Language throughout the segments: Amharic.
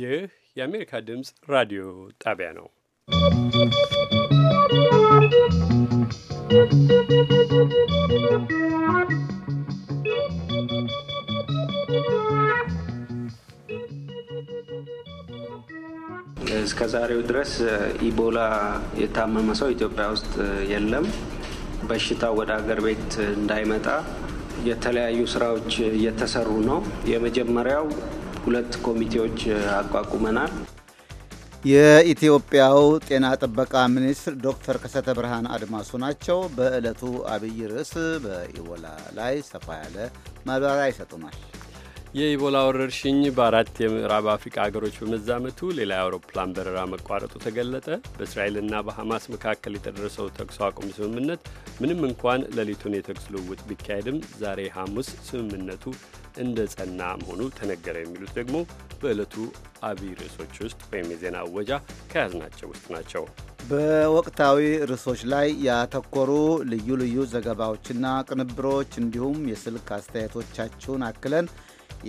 ይህ የአሜሪካ ድምፅ ራዲዮ ጣቢያ ነው። እስከ ዛሬው ድረስ ኢቦላ የታመመ ሰው ኢትዮጵያ ውስጥ የለም። በሽታው ወደ ሀገር ቤት እንዳይመጣ የተለያዩ ስራዎች እየተሰሩ ነው። የመጀመሪያው ሁለት ኮሚቴዎች አቋቁመናል። የኢትዮጵያው ጤና ጥበቃ ሚኒስትር ዶክተር ከሰተ ብርሃን አድማሱ ናቸው። በዕለቱ አብይ ርዕስ በኢቦላ ላይ ሰፋ ያለ ማብራሪያ ይሰጡናል። የኢቦላ ወረርሽኝ በአራት የምዕራብ አፍሪካ ሀገሮች በመዛመቱ ሌላ የአውሮፕላን በረራ መቋረጡ ተገለጠ። በእስራኤልና በሐማስ መካከል የተደረሰው ተኩስ አቁም ስምምነት ምንም እንኳን ሌሊቱን የተኩስ ልውውጥ ቢካሄድም ዛሬ ሐሙስ ስምምነቱ እንደ ጸና መሆኑ ተነገረ። የሚሉት ደግሞ በዕለቱ አብይ ርዕሶች ውስጥ ወይም የዜና አወጃ ከያዝናቸው ውስጥ ናቸው። በወቅታዊ ርዕሶች ላይ ያተኮሩ ልዩ ልዩ ዘገባዎችና ቅንብሮች እንዲሁም የስልክ አስተያየቶቻችሁን አክለን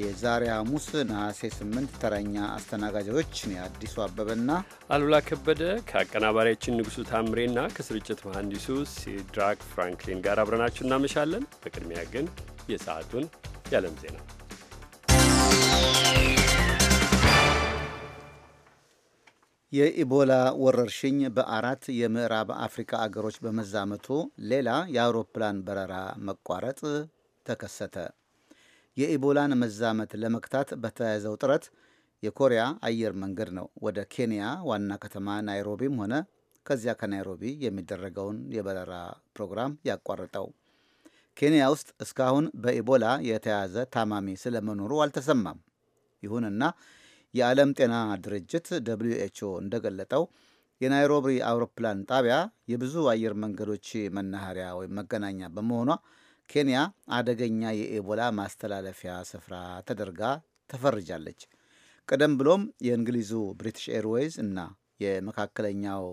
የዛሬ ሐሙስ ነሐሴ 8 ተረኛ አስተናጋጆች የአዲሱ አበበና አሉላ ከበደ ከአቀናባሪያችን ንጉሱ ታምሬና ከስርጭት መሐንዲሱ ሲድራክ ፍራንክሊን ጋር አብረናችሁ እናመሻለን። በቅድሚያ ግን የሰዓቱን የዓለም ዜና የኢቦላ ወረርሽኝ በአራት የምዕራብ አፍሪካ አገሮች በመዛመቱ ሌላ የአውሮፕላን በረራ መቋረጥ ተከሰተ። የኢቦላን መዛመት ለመክታት በተያያዘው ጥረት የኮሪያ አየር መንገድ ነው ወደ ኬንያ ዋና ከተማ ናይሮቢም ሆነ ከዚያ ከናይሮቢ የሚደረገውን የበረራ ፕሮግራም ያቋርጠው። ኬንያ ውስጥ እስካሁን በኢቦላ የተያዘ ታማሚ ስለመኖሩ አልተሰማም። ይሁንና የዓለም ጤና ድርጅት ደብልዩ ኤች ኦ እንደገለጠው የናይሮቢ አውሮፕላን ጣቢያ የብዙ አየር መንገዶች መናኸሪያ ወይም መገናኛ በመሆኗ ኬንያ አደገኛ የኤቦላ ማስተላለፊያ ስፍራ ተደርጋ ተፈርጃለች። ቀደም ብሎም የእንግሊዙ ብሪቲሽ ኤርዌይዝ እና የመካከለኛው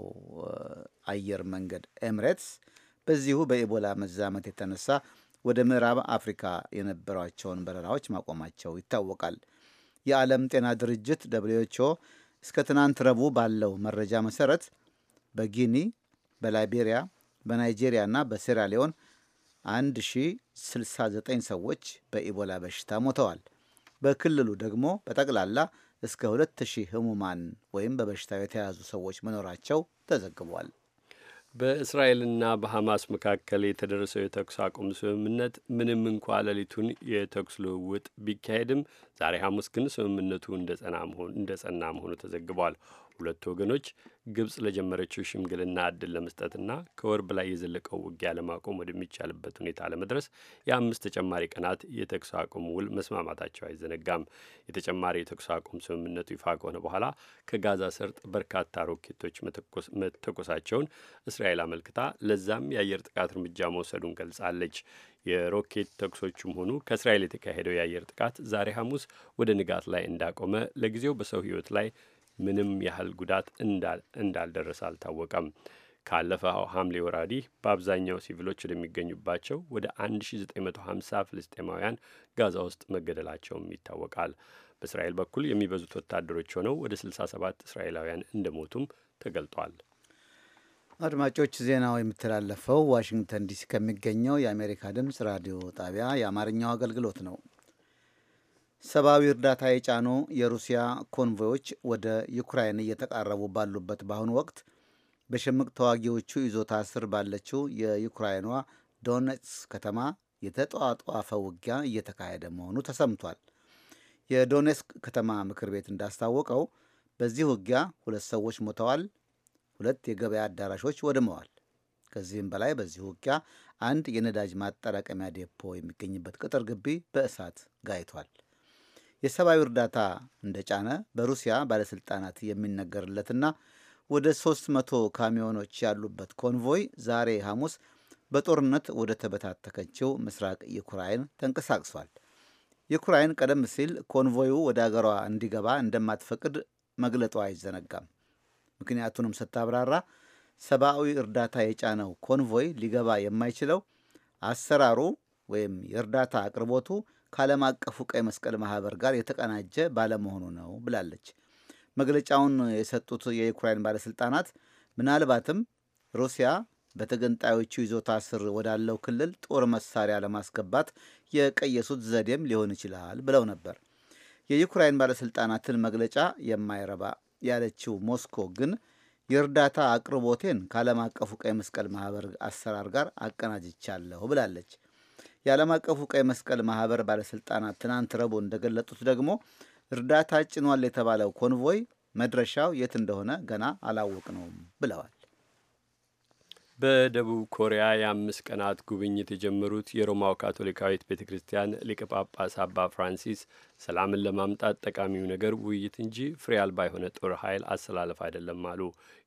አየር መንገድ ኤምሬትስ በዚሁ በኤቦላ መዛመት የተነሳ ወደ ምዕራብ አፍሪካ የነበሯቸውን በረራዎች ማቆማቸው ይታወቃል። የዓለም ጤና ድርጅት ደብሊውኤችኦ እስከ ትናንት ረቡዕ ባለው መረጃ መሰረት በጊኒ፣ በላይቤሪያ፣ በናይጄሪያ እና በሴራሊዮን 1069 ሰዎች በኢቦላ በሽታ ሞተዋል። በክልሉ ደግሞ በጠቅላላ እስከ 2000 ህሙማን ወይም በበሽታው የተያዙ ሰዎች መኖራቸው ተዘግቧል። በእስራኤልና በሐማስ መካከል የተደረሰው የተኩስ አቁም ስምምነት ምንም እንኳ ሌሊቱን የተኩስ ልውውጥ ቢካሄድም ዛሬ ሐሙስ ግን ስምምነቱ እንደጸና መሆኑ ተዘግቧል። ሁለቱ ወገኖች ግብጽ ለጀመረችው ሽምግልና እድል ለመስጠትና ከወር በላይ የዘለቀው ውጊያ ለማቆም ወደሚቻልበት ሁኔታ ለመድረስ የአምስት ተጨማሪ ቀናት የተኩስ አቁም ውል መስማማታቸው አይዘነጋም። የተጨማሪ የተኩስ አቁም ስምምነቱ ይፋ ከሆነ በኋላ ከጋዛ ሰርጥ በርካታ ሮኬቶች መተኮሳቸውን እስራኤል አመልክታ ለዛም የአየር ጥቃት እርምጃ መውሰዱን ገልጻለች። የሮኬት ተኩሶቹም ሆኑ ከእስራኤል የተካሄደው የአየር ጥቃት ዛሬ ሐሙስ ወደ ንጋት ላይ እንዳቆመ ለጊዜው በሰው ሕይወት ላይ ምንም ያህል ጉዳት እንዳልደረሰ አልታወቀም። ካለፈው ሐምሌ ወር ወዲህ በአብዛኛው ሲቪሎች ወደሚገኙባቸው ወደ 1950 ፍልስጤማውያን ጋዛ ውስጥ መገደላቸውም ይታወቃል። በእስራኤል በኩል የሚበዙት ወታደሮች ሆነው ወደ 67 እስራኤላውያን እንደሞቱም ተገልጧል። አድማጮች፣ ዜናው የሚተላለፈው ዋሽንግተን ዲሲ ከሚገኘው የአሜሪካ ድምፅ ራዲዮ ጣቢያ የአማርኛው አገልግሎት ነው። ሰብአዊ እርዳታ የጫኑ የሩሲያ ኮንቮዮች ወደ ዩክራይን እየተቃረቡ ባሉበት በአሁኑ ወቅት በሽምቅ ተዋጊዎቹ ይዞታ ስር ባለችው የዩክራይኗ ዶኔትስ ከተማ የተጧጧፈ ውጊያ እየተካሄደ መሆኑ ተሰምቷል። የዶኔትስክ ከተማ ምክር ቤት እንዳስታወቀው በዚህ ውጊያ ሁለት ሰዎች ሞተዋል፣ ሁለት የገበያ አዳራሾች ወድመዋል። ከዚህም በላይ በዚህ ውጊያ አንድ የነዳጅ ማጠራቀሚያ ዴፖ የሚገኝበት ቅጥር ግቢ በእሳት ጋይቷል። የሰብአዊ እርዳታ እንደጫነ በሩሲያ ባለሥልጣናት የሚነገርለትና ወደ 300 ካሚዮኖች ያሉበት ኮንቮይ ዛሬ ሐሙስ በጦርነት ወደ ተበታተከችው ምስራቅ ዩክራይን ተንቀሳቅሷል። ዩክራይን ቀደም ሲል ኮንቮዩ ወደ አገሯ እንዲገባ እንደማትፈቅድ መግለጧ አይዘነጋም። ምክንያቱንም ስታብራራ ሰብአዊ እርዳታ የጫነው ኮንቮይ ሊገባ የማይችለው አሰራሩ ወይም የእርዳታ አቅርቦቱ ከዓለም አቀፉ ቀይ መስቀል ማህበር ጋር የተቀናጀ ባለመሆኑ ነው ብላለች። መግለጫውን የሰጡት የዩክራይን ባለስልጣናት ምናልባትም ሩሲያ በተገንጣዮቹ ይዞታ ስር ወዳለው ክልል ጦር መሳሪያ ለማስገባት የቀየሱት ዘዴም ሊሆን ይችላል ብለው ነበር። የዩክራይን ባለስልጣናትን መግለጫ የማይረባ ያለችው ሞስኮ ግን የእርዳታ አቅርቦቴን ከዓለም አቀፉ ቀይ መስቀል ማህበር አሰራር ጋር አቀናጅቻለሁ ብላለች። የዓለም አቀፉ ቀይ መስቀል ማህበር ባለስልጣናት ትናንት ረቡዕ እንደገለጡት ደግሞ እርዳታ ጭኗል የተባለው ኮንቮይ መድረሻው የት እንደሆነ ገና አላወቅ ነውም ብለዋል። በደቡብ ኮሪያ የአምስት ቀናት ጉብኝት የጀመሩት የሮማው ካቶሊካዊት ቤተ ክርስቲያን ሊቀ ጳጳስ አባ ፍራንሲስ ሰላምን ለማምጣት ጠቃሚው ነገር ውይይት እንጂ ፍሬ አልባ የሆነ ጦር ኃይል አሰላለፍ አይደለም አሉ።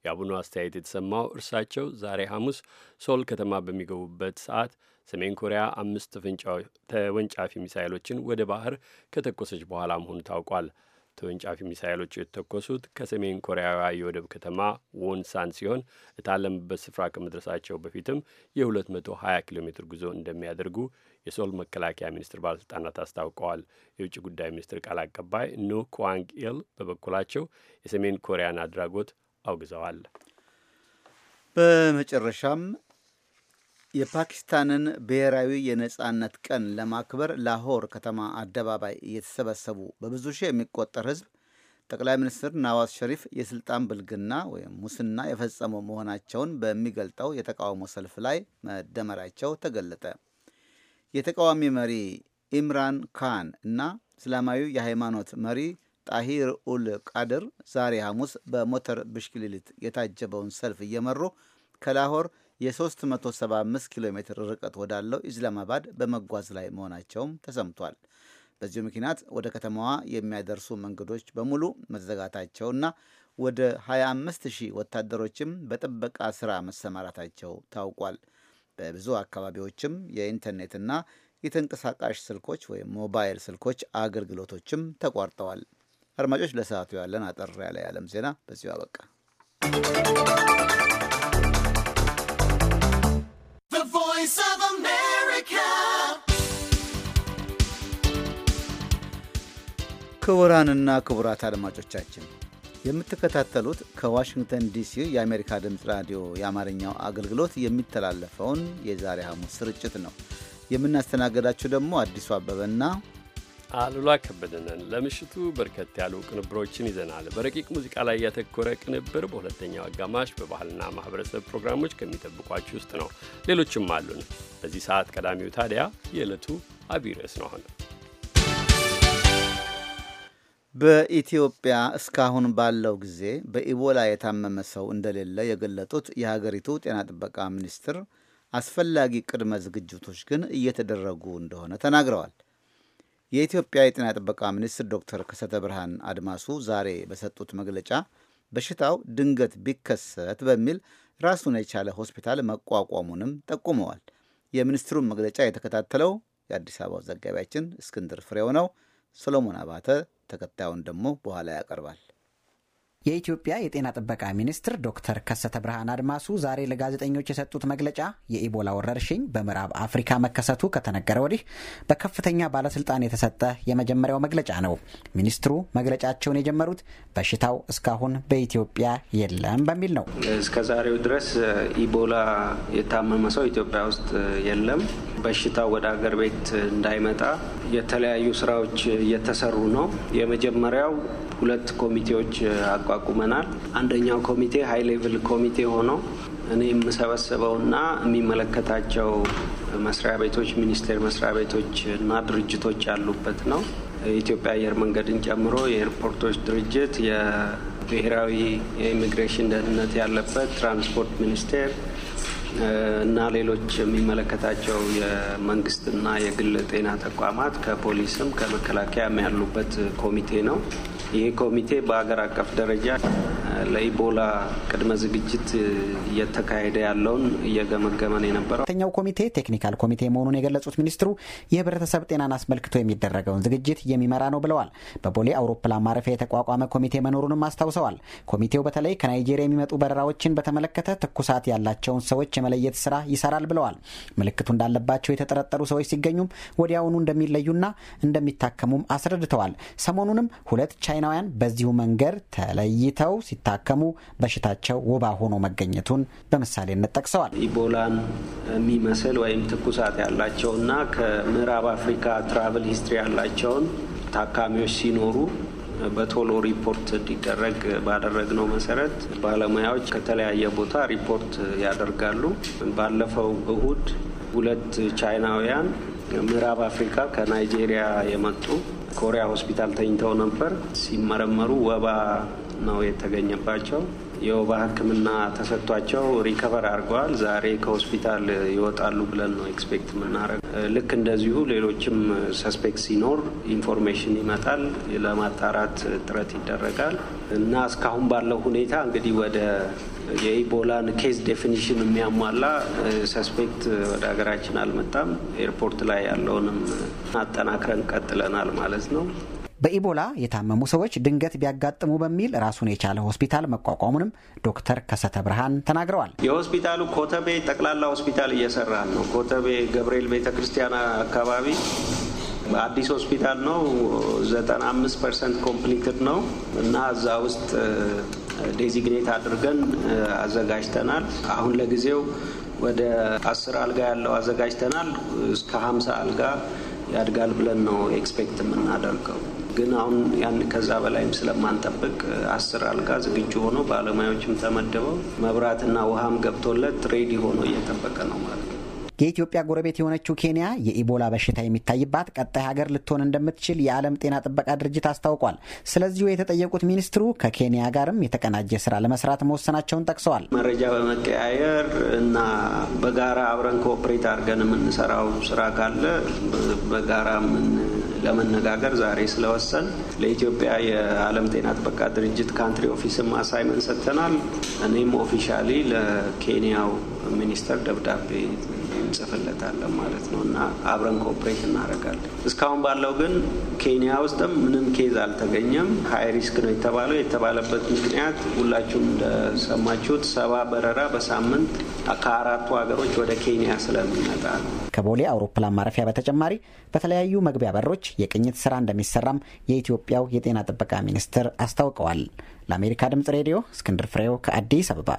የአቡኑ አስተያየት የተሰማው እርሳቸው ዛሬ ሐሙስ ሶል ከተማ በሚገቡበት ሰዓት ሰሜን ኮሪያ አምስት ተወንጫፊ ሚሳይሎችን ወደ ባህር ከተኮሰች በኋላ መሆኑ ታውቋል። ተወንጫፊ ሚሳይሎቹ የተተኮሱት ከሰሜን ኮሪያ የወደብ ከተማ ዎንሳን ሲሆን እታለምበት ስፍራ ከመድረሳቸው በፊትም የ220 ኪሎ ሜትር ጉዞ እንደሚያደርጉ የሶል መከላከያ ሚኒስትር ባለስልጣናት አስታውቀዋል። የውጭ ጉዳይ ሚኒስትር ቃል አቀባይ ኖ ኳንግ ኢል በበኩላቸው የሰሜን ኮሪያን አድራጎት አውግዘዋል። በመጨረሻም የፓኪስታንን ብሔራዊ የነጻነት ቀን ለማክበር ላሆር ከተማ አደባባይ እየተሰበሰቡ በብዙ ሺህ የሚቆጠር ህዝብ ጠቅላይ ሚኒስትር ናዋዝ ሸሪፍ የስልጣን ብልግና ወይም ሙስና የፈጸሙ መሆናቸውን በሚገልጠው የተቃውሞ ሰልፍ ላይ መደመራቸው ተገለጠ። የተቃዋሚ መሪ ኢምራን ካን እና እስላማዊ የሃይማኖት መሪ ጣሂር ኡል ቃድር ዛሬ ሐሙስ በሞተር ብሽክሌት የታጀበውን ሰልፍ እየመሩ ከላሆር የ375 ኪሎ ሜትር ርቀት ወዳለው ኢስላማባድ በመጓዝ ላይ መሆናቸውም ተሰምቷል። በዚሁ ምክንያት ወደ ከተማዋ የሚያደርሱ መንገዶች በሙሉ መዘጋታቸውና ወደ 25 ሺህ ወታደሮችም በጥበቃ ስራ መሰማራታቸው ታውቋል። በብዙ አካባቢዎችም የኢንተርኔትና የተንቀሳቃሽ ስልኮች ወይም ሞባይል ስልኮች አገልግሎቶችም ተቋርጠዋል። አድማጮች፣ ለሰዓቱ ያለን አጠር ያለ የዓለም ዜና በዚሁ አበቃ። ክቡራንና ክቡራት አድማጮቻችን የምትከታተሉት ከዋሽንግተን ዲሲ የአሜሪካ ድምፅ ራዲዮ የአማርኛው አገልግሎት የሚተላለፈውን የዛሬ ሐሙስ ስርጭት ነው። የምናስተናገዳችሁ ደግሞ አዲሱ አበበና አሉላ ከበደነን። ለምሽቱ በርከት ያሉ ቅንብሮችን ይዘናል። በረቂቅ ሙዚቃ ላይ ያተኮረ ቅንብር በሁለተኛው አጋማሽ በባህልና ማህበረሰብ ፕሮግራሞች ከሚጠብቋችሁ ውስጥ ነው። ሌሎችም አሉን። በዚህ ሰዓት ቀዳሚው ታዲያ የዕለቱ አብይ ርዕስ ነው በኢትዮጵያ እስካሁን ባለው ጊዜ በኢቦላ የታመመ ሰው እንደሌለ የገለጡት የሀገሪቱ ጤና ጥበቃ ሚኒስትር አስፈላጊ ቅድመ ዝግጅቶች ግን እየተደረጉ እንደሆነ ተናግረዋል። የኢትዮጵያ የጤና ጥበቃ ሚኒስትር ዶክተር ከሰተ ብርሃን አድማሱ ዛሬ በሰጡት መግለጫ በሽታው ድንገት ቢከሰት በሚል ራሱን የቻለ ሆስፒታል መቋቋሙንም ጠቁመዋል። የሚኒስትሩን መግለጫ የተከታተለው የአዲስ አበባው ዘጋቢያችን እስክንድር ፍሬው ነው። ሰሎሞን አባተ ተከታዩን ደግሞ በኋላ ያቀርባል። የኢትዮጵያ የጤና ጥበቃ ሚኒስትር ዶክተር ከሰተ ብርሃን አድማሱ ዛሬ ለጋዜጠኞች የሰጡት መግለጫ የኢቦላ ወረርሽኝ በምዕራብ አፍሪካ መከሰቱ ከተነገረ ወዲህ በከፍተኛ ባለስልጣን የተሰጠ የመጀመሪያው መግለጫ ነው። ሚኒስትሩ መግለጫቸውን የጀመሩት በሽታው እስካሁን በኢትዮጵያ የለም በሚል ነው። እስከ ዛሬው ድረስ ኢቦላ የታመመ ሰው ኢትዮጵያ ውስጥ የለም። በሽታው ወደ አገር ቤት እንዳይመጣ የተለያዩ ስራዎች እየተሰሩ ነው። የመጀመሪያው ሁለት ኮሚቴዎች አቋ አቋቁመናል። አንደኛው ኮሚቴ ሀይ ሌቭል ኮሚቴ ሆኖ እኔ የምሰበስበውና የሚመለከታቸው መስሪያ ቤቶች፣ ሚኒስቴር መስሪያ ቤቶች እና ድርጅቶች ያሉበት ነው። የኢትዮጵያ አየር መንገድን ጨምሮ የኤርፖርቶች ድርጅት፣ የብሔራዊ የኢሚግሬሽን ደህንነት ያለበት፣ ትራንስፖርት ሚኒስቴር እና ሌሎች የሚመለከታቸው የመንግስትና የግል ጤና ተቋማት ከፖሊስም ከመከላከያም ያሉበት ኮሚቴ ነው። ይህ ኮሚቴ በሀገር አቀፍ ደረጃ ለኢቦላ ቅድመ ዝግጅት እየተካሄደ ያለውን እየገመገመን የነበረው ተኛው ኮሚቴ ቴክኒካል ኮሚቴ መሆኑን የገለጹት ሚኒስትሩ የህብረተሰብ ጤናን አስመልክቶ የሚደረገውን ዝግጅት የሚመራ ነው ብለዋል። በቦሌ አውሮፕላን ማረፊያ የተቋቋመ ኮሚቴ መኖሩንም አስታውሰዋል። ኮሚቴው በተለይ ከናይጄሪያ የሚመጡ በረራዎችን በተመለከተ ትኩሳት ያላቸውን ሰዎች የመለየት ስራ ይሰራል ብለዋል። ምልክቱ እንዳለባቸው የተጠረጠሩ ሰዎች ሲገኙም ወዲያውኑ እንደሚለዩና እንደሚታከሙም አስረድተዋል። ሰሞኑንም ሁለት ቻይናውያን በዚሁ መንገድ ተለይተው ሲታ ሲታከሙ በሽታቸው ወባ ሆኖ መገኘቱን በምሳሌነት ጠቅሰዋል። ኢቦላን የሚመስል ወይም ትኩሳት ያላቸውና ከምዕራብ አፍሪካ ትራቭል ሂስትሪ ያላቸውን ታካሚዎች ሲኖሩ በቶሎ ሪፖርት እንዲደረግ ባደረግነው መሰረት ባለሙያዎች ከተለያየ ቦታ ሪፖርት ያደርጋሉ። ባለፈው እሁድ ሁለት ቻይናውያን ምዕራብ አፍሪካ ከናይጄሪያ የመጡ ኮሪያ ሆስፒታል ተኝተው ነበር። ሲመረመሩ ወባ ነው የተገኘባቸው። የወባ ሕክምና ተሰጥቷቸው ሪከቨር አድርገዋል። ዛሬ ከሆስፒታል ይወጣሉ ብለን ነው ኤክስፔክት የምናደርገው። ልክ እንደዚሁ ሌሎችም ሰስፔክት ሲኖር ኢንፎርሜሽን ይመጣል፣ ለማጣራት ጥረት ይደረጋል እና እስካሁን ባለው ሁኔታ እንግዲህ ወደ የኢቦላን ኬዝ ዴፊኒሽን የሚያሟላ ሰስፔክት ወደ ሀገራችን አልመጣም። ኤርፖርት ላይ ያለውንም አጠናክረን ቀጥለናል ማለት ነው። በኢቦላ የታመሙ ሰዎች ድንገት ቢያጋጥሙ በሚል ራሱን የቻለ ሆስፒታል መቋቋሙንም ዶክተር ከሰተ ብርሃን ተናግረዋል። የሆስፒታሉ ኮተቤ ጠቅላላ ሆስፒታል እየሰራ ነው። ኮተቤ ገብርኤል ቤተ ክርስቲያን አካባቢ አዲስ ሆስፒታል ነው። 95 ፐርሰንት ኮምፕሊትድ ነው እና እዛ ውስጥ ዴዚግኔት አድርገን አዘጋጅተናል። አሁን ለጊዜው ወደ አስር አልጋ ያለው አዘጋጅተናል። እስከ ሀምሳ አልጋ ያድጋል ብለን ነው ኤክስፔክት የምናደርገው። ግን አሁን ያን ከዛ በላይም ስለማንጠብቅ አስር አልጋ ዝግጁ ሆኖ ባለሙያዎችም ተመድበው መብራትና ውሃም ገብቶለት ሬዲ ሆኖ እየጠበቀ ነው ማለት ነው። የኢትዮጵያ ጎረቤት የሆነችው ኬንያ የኢቦላ በሽታ የሚታይባት ቀጣይ ሀገር ልትሆን እንደምትችል የዓለም ጤና ጥበቃ ድርጅት አስታውቋል። ስለዚሁ የተጠየቁት ሚኒስትሩ ከኬንያ ጋርም የተቀናጀ ስራ ለመስራት መወሰናቸውን ጠቅሰዋል። መረጃ በመቀያየር እና በጋራ አብረን ኮኦፕሬት አድርገን የምንሰራው ስራ ካለ በጋራ ለመነጋገር ዛሬ ስለወሰን ለኢትዮጵያ የዓለም ጤና ጥበቃ ድርጅት ካንትሪ ኦፊስም አሳይመን ሰጥተናል። እኔም ኦፊሻሊ ለኬንያው ሚኒስተር ደብዳቤ እንጽፍለታለን ማለት ነው እና አብረን ኮኦፕሬት እናደርጋለን። እስካሁን ባለው ግን ኬንያ ውስጥም ምንም ኬዝ አልተገኘም። ሀይ ሪስክ ነው የተባለው። የተባለበት ምክንያት ሁላችሁም እንደሰማችሁት ሰባ በረራ በሳምንት ከአራቱ ሀገሮች ወደ ኬንያ ስለሚመጣ ነው። ከቦሌ አውሮፕላን ማረፊያ በተጨማሪ በተለያዩ መግቢያ በሮች የቅኝት ስራ እንደሚሰራም የኢትዮጵያው የጤና ጥበቃ ሚኒስትር አስታውቀዋል። ለአሜሪካ ድምጽ ሬዲዮ እስክንድር ፍሬው ከአዲስ አበባ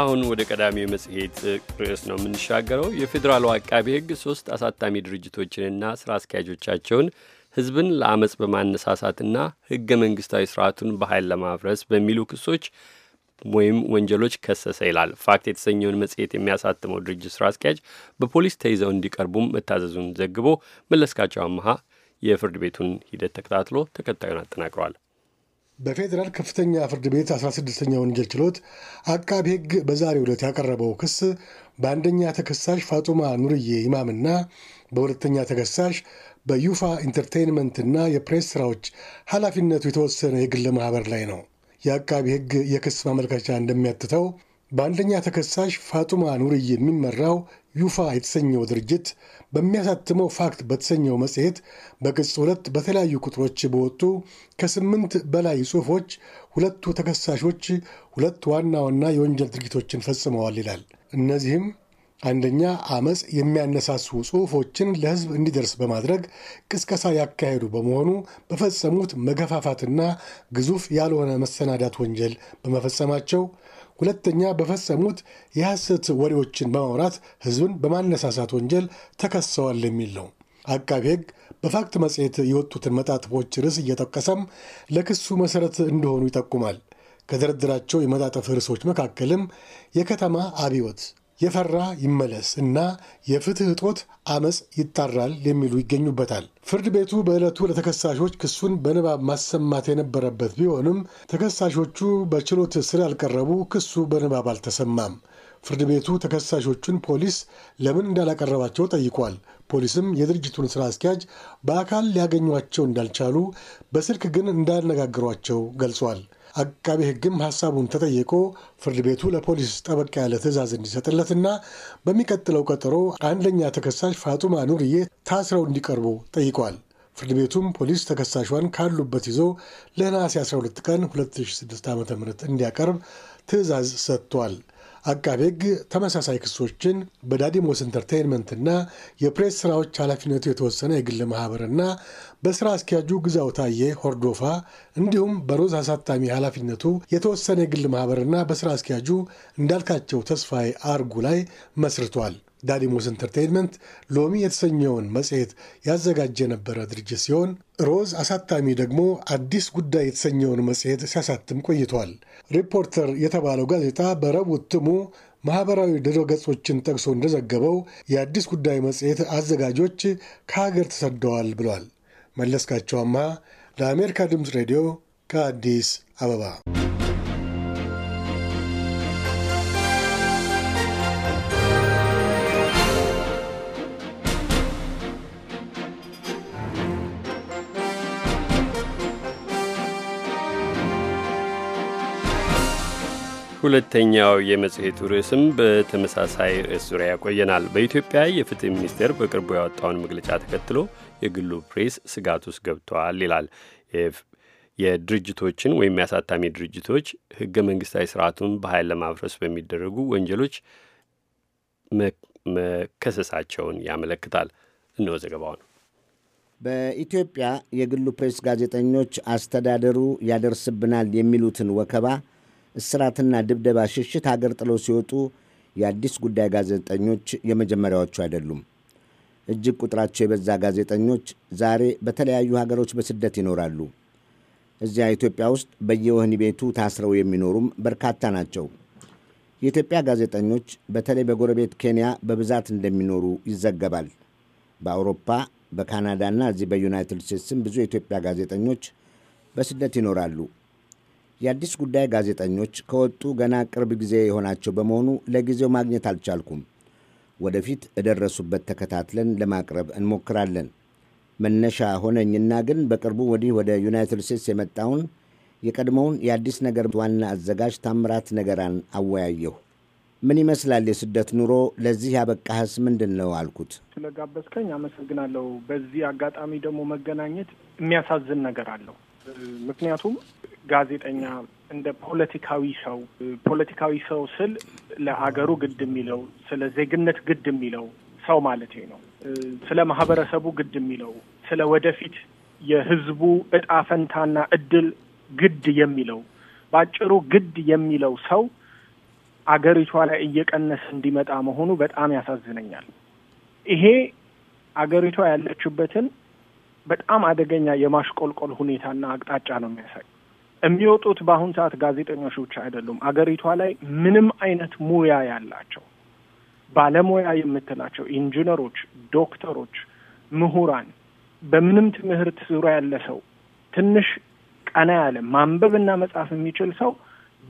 አሁን ወደ ቀዳሚው መጽሔት ርዕስ ነው የምንሻገረው። የፌዴራሉ አቃቢ ሕግ ሶስት አሳታሚ ድርጅቶችንና ስራ አስኪያጆቻቸውን ህዝብን ለአመፅ በማነሳሳትና ህገ መንግስታዊ ስርዓቱን በኃይል ለማፍረስ በሚሉ ክሶች ወይም ወንጀሎች ከሰሰ ይላል። ፋክት የተሰኘውን መጽሔት የሚያሳትመው ድርጅት ስራ አስኪያጅ በፖሊስ ተይዘው እንዲቀርቡም መታዘዙን ዘግቦ መለስካቸው አመሃ የፍርድ ቤቱን ሂደት ተከታትሎ ተከታዩን አጠናቅሯል። በፌዴራል ከፍተኛ ፍርድ ቤት 16ኛ ወንጀል ችሎት አቃቢ ሕግ በዛሬው ዕለት ያቀረበው ክስ በአንደኛ ተከሳሽ ፋጡማ ኑርዬ ኢማምና በሁለተኛ ተከሳሽ በዩፋ ኢንተርቴይንመንትና የፕሬስ ስራዎች ኃላፊነቱ የተወሰነ የግል ለማህበር ላይ ነው። የአቃቢ ሕግ የክስ ማመልከቻ እንደሚያትተው በአንደኛ ተከሳሽ ፋጡማ ኑርዬ የሚመራው ዩፋ የተሰኘው ድርጅት በሚያሳትመው ፋክት በተሰኘው መጽሔት በቅጽ ሁለት በተለያዩ ቁጥሮች በወጡ ከስምንት በላይ ጽሑፎች ሁለቱ ተከሳሾች ሁለት ዋና ዋና የወንጀል ድርጊቶችን ፈጽመዋል ይላል። እነዚህም አንደኛ አመፅ የሚያነሳሱ ጽሑፎችን ለሕዝብ እንዲደርስ በማድረግ ቅስቀሳ ያካሄዱ በመሆኑ በፈጸሙት መገፋፋትና ግዙፍ ያልሆነ መሰናዳት ወንጀል በመፈጸማቸው ሁለተኛ በፈጸሙት የሐሰት ወሬዎችን በማውራት ህዝብን በማነሳሳት ወንጀል ተከሰዋል የሚል ነው። አቃቢ ህግ በፋክት መጽሔት የወጡትን መጣጥፎች ርዕስ እየጠቀሰም ለክሱ መሠረት እንደሆኑ ይጠቁማል። ከደረደራቸው የመጣጠፍ ርዕሶች መካከልም የከተማ አብዮት የፈራ ይመለስ እና የፍትህ እጦት አመፅ ይጣራል የሚሉ ይገኙበታል። ፍርድ ቤቱ በዕለቱ ለተከሳሾች ክሱን በንባብ ማሰማት የነበረበት ቢሆንም ተከሳሾቹ በችሎት ስላልቀረቡ ክሱ በንባብ አልተሰማም። ፍርድ ቤቱ ተከሳሾቹን ፖሊስ ለምን እንዳላቀረባቸው ጠይቋል። ፖሊስም የድርጅቱን ስራ አስኪያጅ በአካል ሊያገኟቸው እንዳልቻሉ፣ በስልክ ግን እንዳነጋግሯቸው ገልጿል። አቃቤ ሕግም ሀሳቡን ተጠይቆ ፍርድ ቤቱ ለፖሊስ ጠበቅ ያለ ትዕዛዝ እንዲሰጥለትና በሚቀጥለው ቀጠሮ አንደኛ ተከሳሽ ፋጡማ ኑርዬ ታስረው እንዲቀርቡ ጠይቋል። ፍርድ ቤቱም ፖሊስ ተከሳሿን ካሉበት ይዞ ለነሐሴ 12 ቀን 2006 ዓ ም እንዲያቀርብ ትዕዛዝ ሰጥቷል። አቃቤ ሕግ ተመሳሳይ ክሶችን በዳዲሞስ ኢንተርቴይንመንትና የፕሬስ ስራዎች ኃላፊነቱ የተወሰነ የግል ማህበርና በስራ አስኪያጁ ግዛው ታዬ ሆርዶፋ እንዲሁም በሮዝ አሳታሚ ኃላፊነቱ የተወሰነ የግል ማህበርና በስራ አስኪያጁ እንዳልካቸው ተስፋዬ አርጉ ላይ መስርቷል። ዳዲሞስ ኢንተርቴንመንት ሎሚ የተሰኘውን መጽሔት ያዘጋጀ የነበረ ድርጅት ሲሆን ሮዝ አሳታሚ ደግሞ አዲስ ጉዳይ የተሰኘውን መጽሔት ሲያሳትም ቆይቷል። ሪፖርተር የተባለው ጋዜጣ በረቡዕ እትሙ ማኅበራዊ ድረ ገጾችን ጠቅሶ እንደዘገበው የአዲስ ጉዳይ መጽሔት አዘጋጆች ከሀገር ተሰደዋል ብሏል። መለስካቸው አምሃ ለአሜሪካ ድምፅ ሬዲዮ ከአዲስ አበባ ሁለተኛው የመጽሔቱ ርዕስም በተመሳሳይ ርዕስ ዙሪያ ያቆየናል። በኢትዮጵያ የፍትህ ሚኒስቴር በቅርቡ ያወጣውን መግለጫ ተከትሎ የግሉ ፕሬስ ስጋት ውስጥ ገብቷል ይላል። የድርጅቶችን ወይም የአሳታሚ ድርጅቶች ህገ መንግስታዊ ስርዓቱን በኃይል ለማፍረስ በሚደረጉ ወንጀሎች መከሰሳቸውን ያመለክታል። እነሆ ዘገባው ነው። በኢትዮጵያ የግሉ ፕሬስ ጋዜጠኞች አስተዳደሩ ያደርስብናል የሚሉትን ወከባ እስራትና ድብደባ ሽሽት ሀገር ጥለው ሲወጡ የአዲስ ጉዳይ ጋዜጠኞች የመጀመሪያዎቹ አይደሉም። እጅግ ቁጥራቸው የበዛ ጋዜጠኞች ዛሬ በተለያዩ ሀገሮች በስደት ይኖራሉ። እዚያ ኢትዮጵያ ውስጥ በየወህኒ ቤቱ ታስረው የሚኖሩም በርካታ ናቸው። የኢትዮጵያ ጋዜጠኞች በተለይ በጎረቤት ኬንያ በብዛት እንደሚኖሩ ይዘገባል። በአውሮፓ በካናዳና እዚህ በዩናይትድ ስቴትስም ብዙ የኢትዮጵያ ጋዜጠኞች በስደት ይኖራሉ። የአዲስ ጉዳይ ጋዜጠኞች ከወጡ ገና ቅርብ ጊዜ የሆናቸው በመሆኑ ለጊዜው ማግኘት አልቻልኩም። ወደፊት እደረሱበት ተከታትለን ለማቅረብ እንሞክራለን። መነሻ ሆነኝና ግን በቅርቡ ወዲህ ወደ ዩናይትድ ስቴትስ የመጣውን የቀድሞውን የአዲስ ነገር ዋና አዘጋጅ ታምራት ነገራን አወያየሁ። ምን ይመስላል የስደት ኑሮ? ለዚህ ያበቃህስ ምንድን ነው አልኩት። ስለጋበዝከኝ አመሰግናለሁ። በዚህ አጋጣሚ ደግሞ መገናኘት የሚያሳዝን ነገር አለው። ምክንያቱም ጋዜጠኛ እንደ ፖለቲካዊ ሰው ፖለቲካዊ ሰው ስል ለሀገሩ ግድ የሚለው ስለ ዜግነት ግድ የሚለው ሰው ማለት ነው። ስለ ማህበረሰቡ ግድ የሚለው ስለ ወደፊት የህዝቡ እጣ ፈንታና እድል ግድ የሚለው በአጭሩ ግድ የሚለው ሰው አገሪቷ ላይ እየቀነሰ እንዲመጣ መሆኑ በጣም ያሳዝነኛል። ይሄ አገሪቷ ያለችበትን በጣም አደገኛ የማሽቆልቆል ሁኔታና አቅጣጫ ነው የሚያሳይ የሚወጡት በአሁን ሰዓት ጋዜጠኞች ብቻ አይደሉም። አገሪቷ ላይ ምንም አይነት ሙያ ያላቸው ባለሙያ የምትላቸው ኢንጂነሮች፣ ዶክተሮች፣ ምሁራን፣ በምንም ትምህርት ዙሪያ ያለ ሰው ትንሽ ቀና ያለ ማንበብና መጻፍ የሚችል ሰው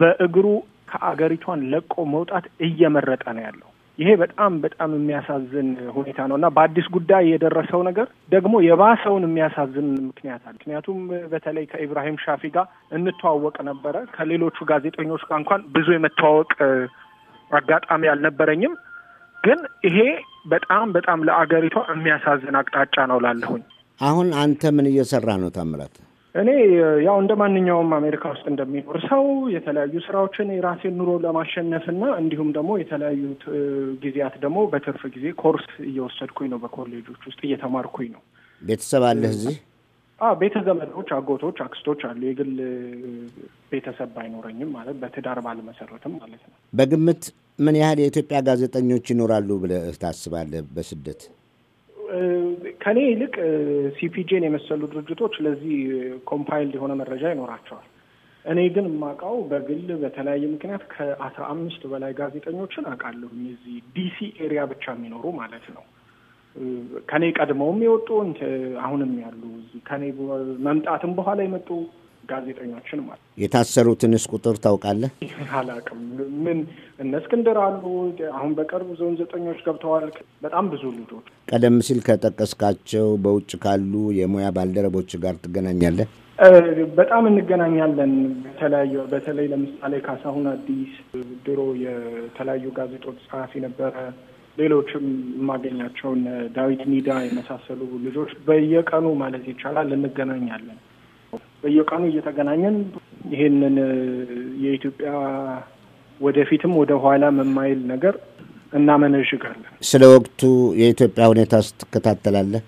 በእግሩ ከአገሪቷን ለቆ መውጣት እየመረጠ ነው ያለው። ይሄ በጣም በጣም የሚያሳዝን ሁኔታ ነው እና በአዲስ ጉዳይ የደረሰው ነገር ደግሞ የባሰውን የሚያሳዝን ምክንያት አለ። ምክንያቱም በተለይ ከኢብራሂም ሻፊ ጋር እንተዋወቅ ነበረ። ከሌሎቹ ጋዜጠኞች ጋር እንኳን ብዙ የመተዋወቅ አጋጣሚ አልነበረኝም። ግን ይሄ በጣም በጣም ለአገሪቷ የሚያሳዝን አቅጣጫ ነው ላለሁኝ። አሁን አንተ ምን እየሰራ ነው ታምራት? እኔ ያው እንደ ማንኛውም አሜሪካ ውስጥ እንደሚኖር ሰው የተለያዩ ስራዎችን የራሴን ኑሮ ለማሸነፍ እና እንዲሁም ደግሞ የተለያዩ ጊዜያት ደግሞ በትርፍ ጊዜ ኮርስ እየወሰድኩኝ ነው። በኮሌጆች ውስጥ እየተማርኩኝ ነው። ቤተሰብ አለህ እዚህ? ቤተ ዘመዶች፣ አጎቶች፣ አክስቶች አሉ። የግል ቤተሰብ ባይኖረኝም ማለት በትዳር ባልመሰረትም ማለት ነው። በግምት ምን ያህል የኢትዮጵያ ጋዜጠኞች ይኖራሉ ብለህ ታስባለህ በስደት? ከኔ ይልቅ ሲፒጄን የመሰሉ ድርጅቶች ለዚህ ኮምፓይልድ የሆነ መረጃ ይኖራቸዋል። እኔ ግን የማውቀው በግል በተለያየ ምክንያት ከአስራ አምስት በላይ ጋዜጠኞችን አውቃለሁ። እዚህ ዲሲ ኤሪያ ብቻ የሚኖሩ ማለት ነው። ከኔ ቀድመውም የወጡ አሁንም ያሉ ከኔ መምጣትም በኋላ የመጡ ጋዜጠኞችን ማለት የታሰሩትንስ ቁጥር ታውቃለህ? አላውቅም። ምን እነ እስክንድር አሉ። አሁን በቅርቡ ዞን ዘጠኞች ገብተዋል። በጣም ብዙ ልጆች። ቀደም ሲል ከጠቀስካቸው በውጭ ካሉ የሙያ ባልደረቦች ጋር ትገናኛለህ? በጣም እንገናኛለን። በተለያዩ በተለይ ለምሳሌ ካሳሁን አዲስ ድሮ የተለያዩ ጋዜጦች ጸሐፊ ነበረ። ሌሎችም የማገኛቸውን ዳዊት ኒዳ የመሳሰሉ ልጆች በየቀኑ ማለት ይቻላል እንገናኛለን። በየቀኑ እየተገናኘን ይህንን የኢትዮጵያ ወደፊትም ወደ ኋላ የማይል ነገር እናመነሽጋለን። ስለ ወቅቱ የኢትዮጵያ ሁኔታ ስትከታተላለህ?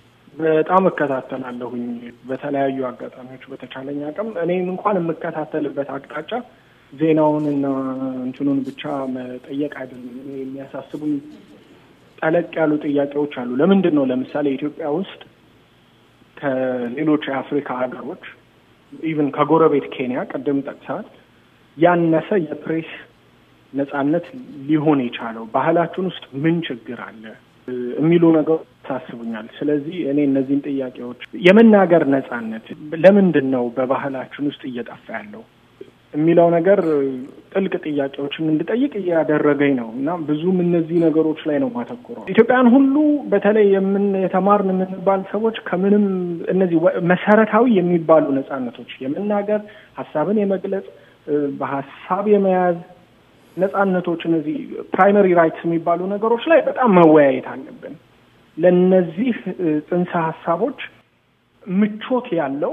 በጣም እከታተላለሁኝ። በተለያዩ አጋጣሚዎች በተቻለኝ አቅም እኔም እንኳን የምከታተልበት አቅጣጫ ዜናውን እና እንትኑን ብቻ መጠየቅ አይደለም። የሚያሳስቡኝ ጠለቅ ያሉ ጥያቄዎች አሉ። ለምንድን ነው ለምሳሌ ኢትዮጵያ ውስጥ ከሌሎች የአፍሪካ ሀገሮች ኢቨን ከጎረቤት ኬንያ ቅድም ጠቅሳት ያነሰ የፕሬስ ነጻነት ሊሆን የቻለው ባህላችን ውስጥ ምን ችግር አለ የሚሉ ነገሮች ታስቡኛል። ስለዚህ እኔ እነዚህን ጥያቄዎች የመናገር ነጻነት ለምንድን ነው በባህላችን ውስጥ እየጠፋ ያለው የሚለው ነገር ጥልቅ ጥያቄዎችን እንድጠይቅ እያደረገኝ ነው እና ብዙም እነዚህ ነገሮች ላይ ነው ማተኩረው። ኢትዮጵያን ሁሉ በተለይ የምን የተማርን የምንባል ሰዎች ከምንም እነዚህ መሰረታዊ የሚባሉ ነጻነቶች የመናገር፣ ሀሳብን የመግለጽ፣ በሀሳብ የመያዝ ነጻነቶች፣ እነዚህ ፕራይመሪ ራይትስ የሚባሉ ነገሮች ላይ በጣም መወያየት አለብን። ለእነዚህ ጽንሰ ሀሳቦች ምቾት ያለው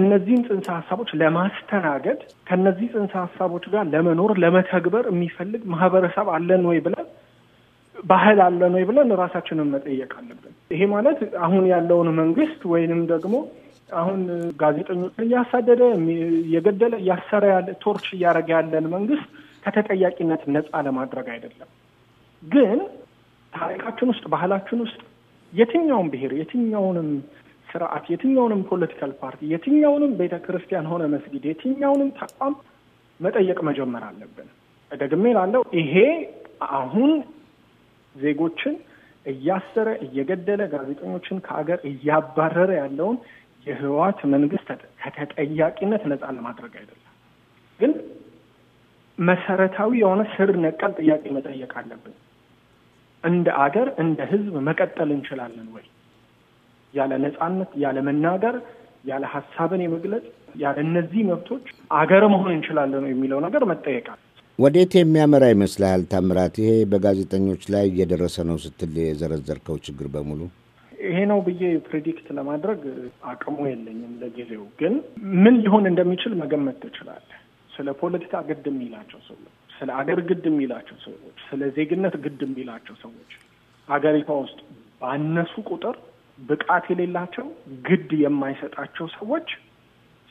እነዚህን ጽንሰ ሀሳቦች ለማስተናገድ ከነዚህ ጽንሰ ሀሳቦች ጋር ለመኖር ለመተግበር የሚፈልግ ማህበረሰብ አለን ወይ ብለን ባህል አለን ወይ ብለን ራሳችንን መጠየቅ አለብን። ይሄ ማለት አሁን ያለውን መንግስት ወይንም ደግሞ አሁን ጋዜጠኞችን እያሳደደ እየገደለ እያሰረ ያለ ቶርች እያደረገ ያለን መንግስት ከተጠያቂነት ነፃ ለማድረግ አይደለም። ግን ታሪካችን ውስጥ ባህላችን ውስጥ የትኛውም ብሔር የትኛውንም ስርዓት የትኛውንም ፖለቲካል ፓርቲ የትኛውንም ቤተ ክርስቲያን ሆነ መስጊድ የትኛውንም ተቋም መጠየቅ መጀመር አለብን። ደግሜ ላለው ይሄ አሁን ዜጎችን እያሰረ እየገደለ ጋዜጠኞችን ከሀገር እያባረረ ያለውን የህወሓት መንግስት ከተጠያቂነት ነፃ ለማድረግ አይደለም፣ ግን መሰረታዊ የሆነ ስር ነቀል ጥያቄ መጠየቅ አለብን። እንደ አገር እንደ ህዝብ መቀጠል እንችላለን ወይ? ያለ ነጻነት፣ ያለ መናገር፣ ያለ ሀሳብን የመግለጽ ያለ እነዚህ መብቶች አገር መሆን እንችላለን የሚለው ነገር መጠየቃል። ወዴት የሚያመራ ይመስልሃል ታምራት? ይሄ በጋዜጠኞች ላይ እየደረሰ ነው ስትል የዘረዘርከው ችግር በሙሉ ይሄ ነው ብዬ ፕሬዲክት ለማድረግ አቅሙ የለኝም ለጊዜው። ግን ምን ሊሆን እንደሚችል መገመት ትችላለህ። ስለ ፖለቲካ ግድ የሚላቸው ሰዎች፣ ስለ አገር ግድ የሚላቸው ሰዎች፣ ስለ ዜግነት ግድ የሚላቸው ሰዎች አገሪቷ ውስጥ ባነሱ ቁጥር ብቃት የሌላቸው ግድ የማይሰጣቸው ሰዎች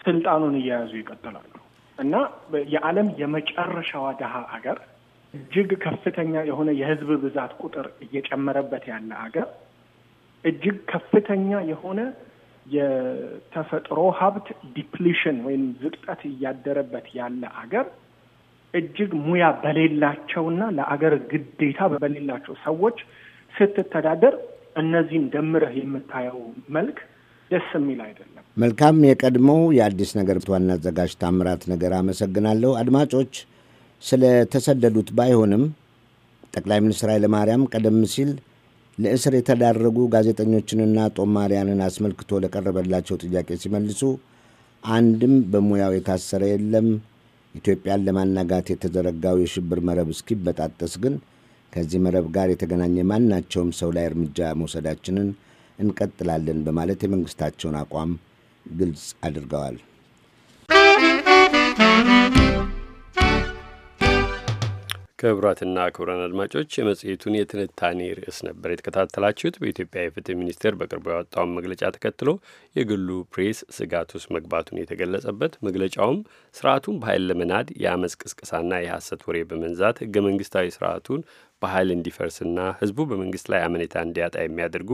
ስልጣኑን እየያዙ ይቀጥላሉ እና የዓለም የመጨረሻዋ ድሀ አገር እጅግ ከፍተኛ የሆነ የህዝብ ብዛት ቁጥር እየጨመረበት ያለ አገር እጅግ ከፍተኛ የሆነ የተፈጥሮ ሀብት ዲፕሊሽን ወይም ዝቅጠት እያደረበት ያለ አገር እጅግ ሙያ በሌላቸውና ለአገር ግዴታ በሌላቸው ሰዎች ስትተዳደር እነዚህን ደምረህ የምታየው መልክ ደስ የሚል አይደለም። መልካም። የቀድሞው የአዲስ ነገር ዋና አዘጋጅ ታምራት ነገር አመሰግናለሁ። አድማጮች ስለተሰደዱት ባይሆንም ጠቅላይ ሚኒስትር ኃይለ ማርያም ቀደም ሲል ለእስር የተዳረጉ ጋዜጠኞችንና ጦማሪያንን አስመልክቶ ለቀረበላቸው ጥያቄ ሲመልሱ አንድም በሙያው የታሰረ የለም፣ ኢትዮጵያን ለማናጋት የተዘረጋው የሽብር መረብ እስኪበጣጠስ ግን ከዚህ መረብ ጋር የተገናኘ ማናቸውም ሰው ላይ እርምጃ መውሰዳችንን እንቀጥላለን በማለት የመንግስታቸውን አቋም ግልጽ አድርገዋል። ክቡራትና ክቡራን አድማጮች የመጽሔቱን የትንታኔ ርዕስ ነበር የተከታተላችሁት። በኢትዮጵያ የፍትህ ሚኒስቴር በቅርቡ ያወጣውን መግለጫ ተከትሎ የግሉ ፕሬስ ስጋት ውስጥ መግባቱን የተገለጸበት መግለጫውም ስርዓቱን በኃይል ለመናድ የአመፅ ቅስቀሳና የሐሰት ወሬ በመንዛት ህገ መንግስታዊ ስርዓቱን በኃይል እንዲፈርስና ህዝቡ በመንግስት ላይ አመኔታ እንዲያጣ የሚያደርጉ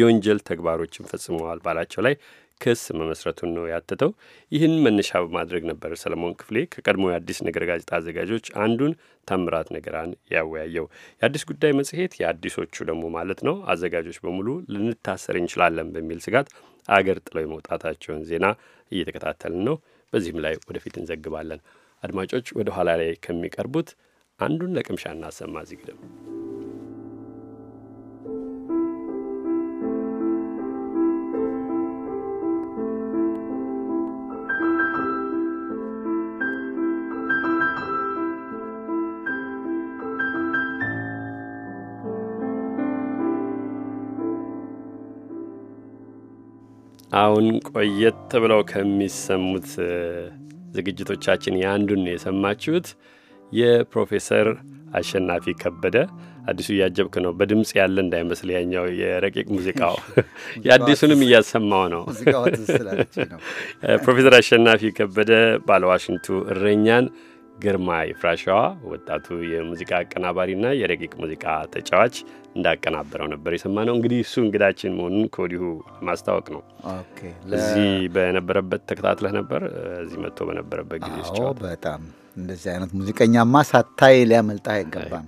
የወንጀል ተግባሮችን ፈጽመዋል ባላቸው ላይ ክስ መመስረቱን ነው ያተተው። ይህን መነሻ በማድረግ ነበር ሰለሞን ክፍሌ ከቀድሞ የአዲስ ነገር ጋዜጣ አዘጋጆች አንዱን ታምራት ነገራን ያወያየው። የአዲስ ጉዳይ መጽሔት የአዲሶቹ ደግሞ ማለት ነው አዘጋጆች በሙሉ ልንታሰር እንችላለን በሚል ስጋት አገር ጥለው የመውጣታቸውን ዜና እየተከታተልን ነው። በዚህም ላይ ወደፊት እንዘግባለን። አድማጮች ወደ ኋላ ላይ ከሚቀርቡት አንዱን ለቅምሻ እናሰማ ዚግድም አሁን ቆየት ብለው ከሚሰሙት ዝግጅቶቻችን የአንዱን የሰማችሁት የፕሮፌሰር አሸናፊ ከበደ አዲሱ እያጀብክ ነው። በድምፅ ያለ እንዳይመስል ያኛው የረቂቅ ሙዚቃው የአዲሱንም እያሰማው ነው። ፕሮፌሰር አሸናፊ ከበደ ባለዋሽንቱ እረኛን ግርማ የፍራሻዋ ወጣቱ የሙዚቃ አቀናባሪና የረቂቅ ሙዚቃ ተጫዋች እንዳቀናበረው ነበር የሰማ ነው። እንግዲህ እሱ እንግዳችን መሆኑን ከወዲሁ ማስታወቅ ነው። እዚህ በነበረበት ተከታትለህ ነበር። እዚህ መጥቶ በነበረበት ጊዜ በጣም እንደዚህ አይነት ሙዚቀኛማ ሳታይ ሊያመልጣህ አይገባም።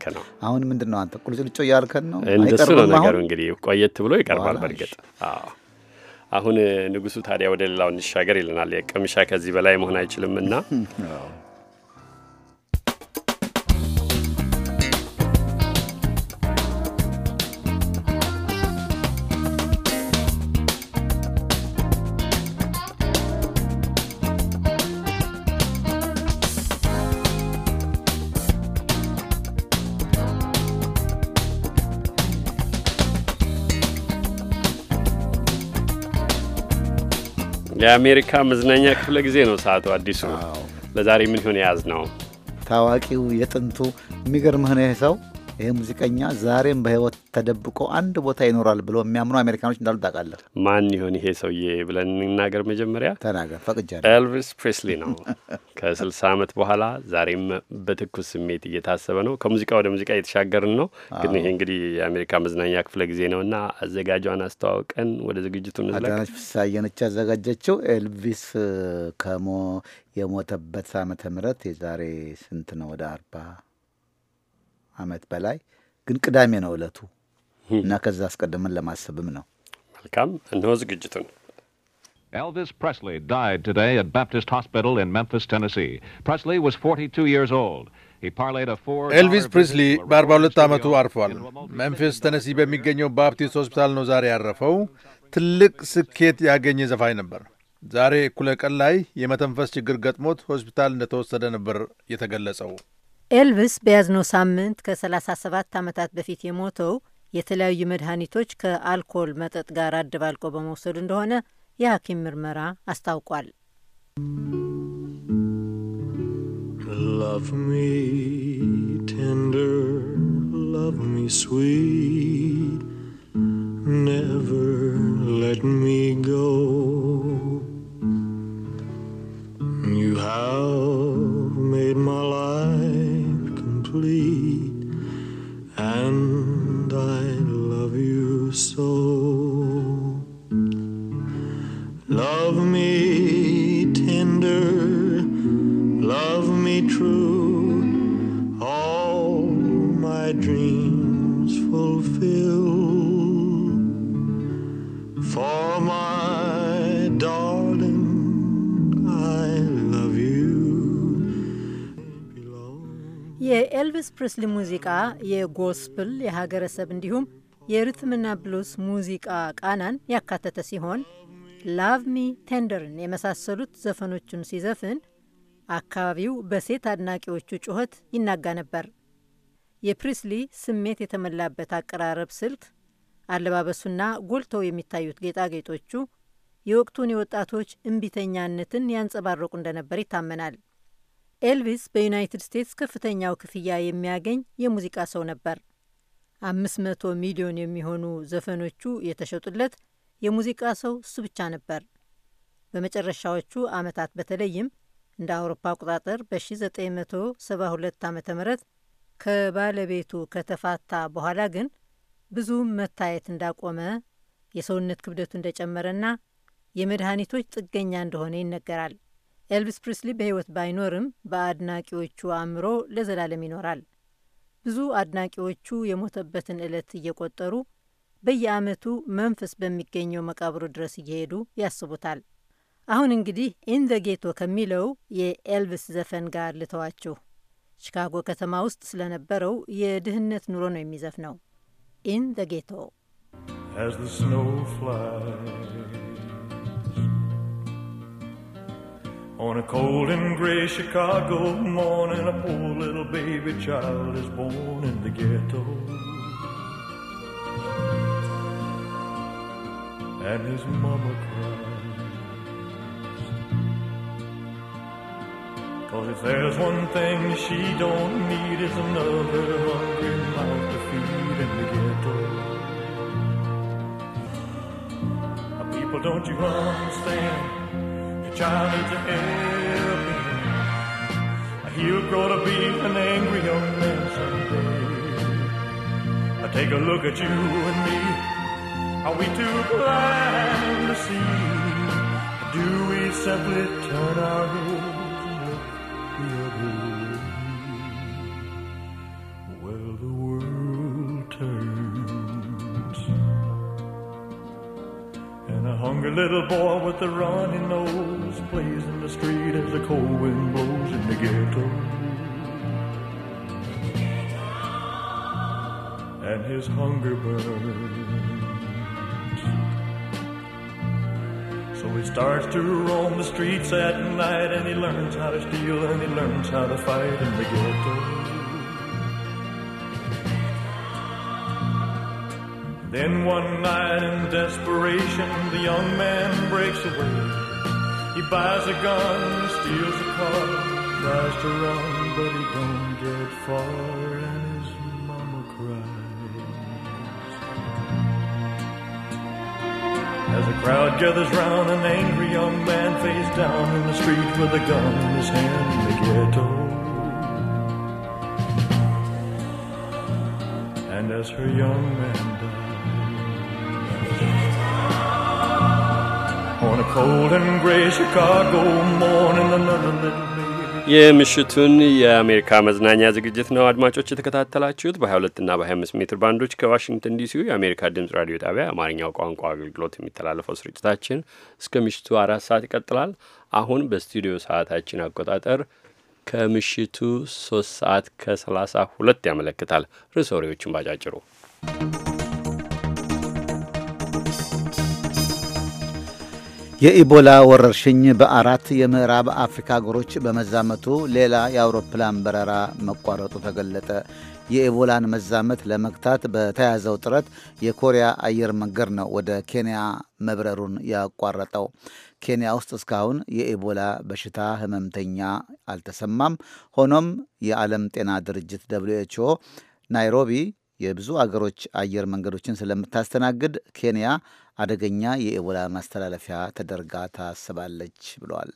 አሁን ምንድን ነው አንተ ቁልጭልጮ እያልከን ነው? እንደሱ ነው ነገሩ። እንግዲህ ቆየት ብሎ ይቀርባል። በእርግጥ አሁን ንጉሱ ታዲያ ወደ ሌላው እንሻገር ይለናል። የቅምሻ ከዚህ በላይ መሆን አይችልምና የአሜሪካ መዝናኛ ክፍለ ጊዜ ነው ሰዓቱ። አዲሱ ለዛሬ ምን ይሆን የያዝ ነው? ታዋቂው የጥንቱ የሚገርምህን ሰው ይህ ሙዚቀኛ ዛሬም በህይወት ተደብቆ አንድ ቦታ ይኖራል ብሎ የሚያምኑ አሜሪካኖች እንዳሉ ታውቃለህ። ማን ይሆን ይሄ ሰውዬ ብለን እንናገር። መጀመሪያ ተናገር ፈቅጃለሁ። ኤልቪስ ፕሬስሊ ነው ከስልሳ ዓመት በኋላ ዛሬም በትኩስ ስሜት እየታሰበ ነው። ከሙዚቃ ወደ ሙዚቃ እየተሻገርን ነው። ግን ይሄ እንግዲህ የአሜሪካ መዝናኛ ክፍለ ጊዜ ነው ነውና አዘጋጇን አስተዋውቀን ወደ ዝግጅቱ እንዝለቅ። አዳነች ፍስሀየነች ያዘጋጀችው ኤልቪስ ከሞ የሞተበት ዓመተ ምህረት የዛሬ ስንት ነው ወደ አርባ ዓመት በላይ ግን ቅዳሜ ነው እለቱ እና ከዛ አስቀድመን ለማሰብም ነው። መልካም እንሆ ዝግጅቱን Elvis Presley died today at Baptist Hospital in Memphis, Tennessee. Presley was 42 years old. ኤልቪስ ፕሪስሊ በ42 ዓመቱ አርፏል። መንፊስ ተነሲ በሚገኘው ባፕቲስት ሆስፒታል ነው ዛሬ ያረፈው። ትልቅ ስኬት ያገኘ ዘፋኝ ነበር። ዛሬ እኩለ ቀን ላይ የመተንፈስ ችግር ገጥሞት ሆስፒታል እንደተወሰደ ነበር የተገለጸው። ኤልቪስ በያዝነው ሳምንት ከ37 ዓመታት በፊት የሞተው የተለያዩ መድኃኒቶች ከአልኮል መጠጥ ጋር አደባልቆ በመውሰዱ እንደሆነ የሐኪም ምርመራ አስታውቋል። Love me never let me go. You have made my life. so. Love me tender, love me true, all my dreams fulfill. For my darling, I love you. የኤልቪስ ሙዚቃ የጎስፕል የሀገረሰብ እንዲሁም የሪትምና ብሉስ ሙዚቃ ቃናን ያካተተ ሲሆን ላቭ ሚ ቴንደርን የመሳሰሉት ዘፈኖቹን ሲዘፍን አካባቢው በሴት አድናቂዎቹ ጩኸት ይናጋ ነበር። የፕሪስሊ ስሜት የተሞላበት አቀራረብ ስልት፣ አለባበሱና ጎልተው የሚታዩት ጌጣጌጦቹ የወቅቱን የወጣቶች እምቢተኛነትን ያንጸባረቁ እንደነበር ይታመናል። ኤልቪስ በዩናይትድ ስቴትስ ከፍተኛው ክፍያ የሚያገኝ የሙዚቃ ሰው ነበር። መቶ ሚሊዮን የሚሆኑ ዘፈኖቹ የተሸጡለት የሙዚቃ ሰው እሱ ብቻ ነበር። በመጨረሻዎቹ ዓመታት በተለይም እንደ አውሮፓ አቆጣጠር በ1972 ዓ ም ከባለቤቱ ከተፋታ በኋላ ግን ብዙ መታየት እንዳቆመ የሰውነት ክብደቱ እንደጨመረና የመድኃኒቶች ጥገኛ እንደሆነ ይነገራል። ኤልቪስ ፕሪስሊ በሕይወት ባይኖርም በአድናቂዎቹ አእምሮ ለዘላለም ይኖራል። ብዙ አድናቂዎቹ የሞተበትን ዕለት እየቆጠሩ በየዓመቱ መንፈስ በሚገኘው መቃብሩ ድረስ እየሄዱ ያስቡታል። አሁን እንግዲህ ኢን ዘ ጌቶ ከሚለው የኤልቪስ ዘፈን ጋር ልተዋችሁ። ቺካጎ ከተማ ውስጥ ስለነበረው የድህነት ኑሮ ነው የሚዘፍነው። ኢን ዘ ጌቶ On a cold and gray Chicago morning, a poor little baby child is born in the ghetto. And his mama cries. Cause if there's one thing she don't need, it's another hungry mouth to feed in the ghetto. People, don't you understand? Child, a helping hand. He'll grow to be an angry young man someday. I take a look at you and me. Are we too blind to see? Do we simply turn our heads? little boy with the runny nose plays in the street as the cold wind blows in the ghetto. And his hunger burns. So he starts to roam the streets at night and he learns how to steal and he learns how to fight in the ghetto. Then one night in desperation, the young man breaks away. He buys a gun, steals a car, tries to run, but he don't get far, and his mama cries. As a crowd gathers round, an angry young man face down in the street with a gun in his hand in the ghetto. And as her young man የምሽቱን የአሜሪካ መዝናኛ ዝግጅት ነው አድማጮች የተከታተላችሁት። በ22 እና በ25 ሜትር ባንዶች ከዋሽንግተን ዲሲው የአሜሪካ ድምፅ ራዲዮ ጣቢያ አማርኛው ቋንቋ አገልግሎት የሚተላለፈው ስርጭታችን እስከ ምሽቱ አራት ሰዓት ይቀጥላል። አሁን በስቱዲዮ ሰዓታችን አቆጣጠር ከምሽቱ 3 ሰዓት ከ32 ያመለክታል። ርዕሰ ወሬዎችን ባጫጭሩ የኢቦላ ወረርሽኝ በአራት የምዕራብ አፍሪካ አገሮች በመዛመቱ ሌላ የአውሮፕላን በረራ መቋረጡ ተገለጠ። የኢቦላን መዛመት ለመግታት በተያዘው ጥረት የኮሪያ አየር መንገድ ነው ወደ ኬንያ መብረሩን ያቋረጠው። ኬንያ ውስጥ እስካሁን የኢቦላ በሽታ ህመምተኛ አልተሰማም። ሆኖም የዓለም ጤና ድርጅት ደብሊው ኤች ኦ ናይሮቢ የብዙ አገሮች አየር መንገዶችን ስለምታስተናግድ ኬንያ አደገኛ የኢቦላ ማስተላለፊያ ተደርጋ ታስባለች ብለዋል።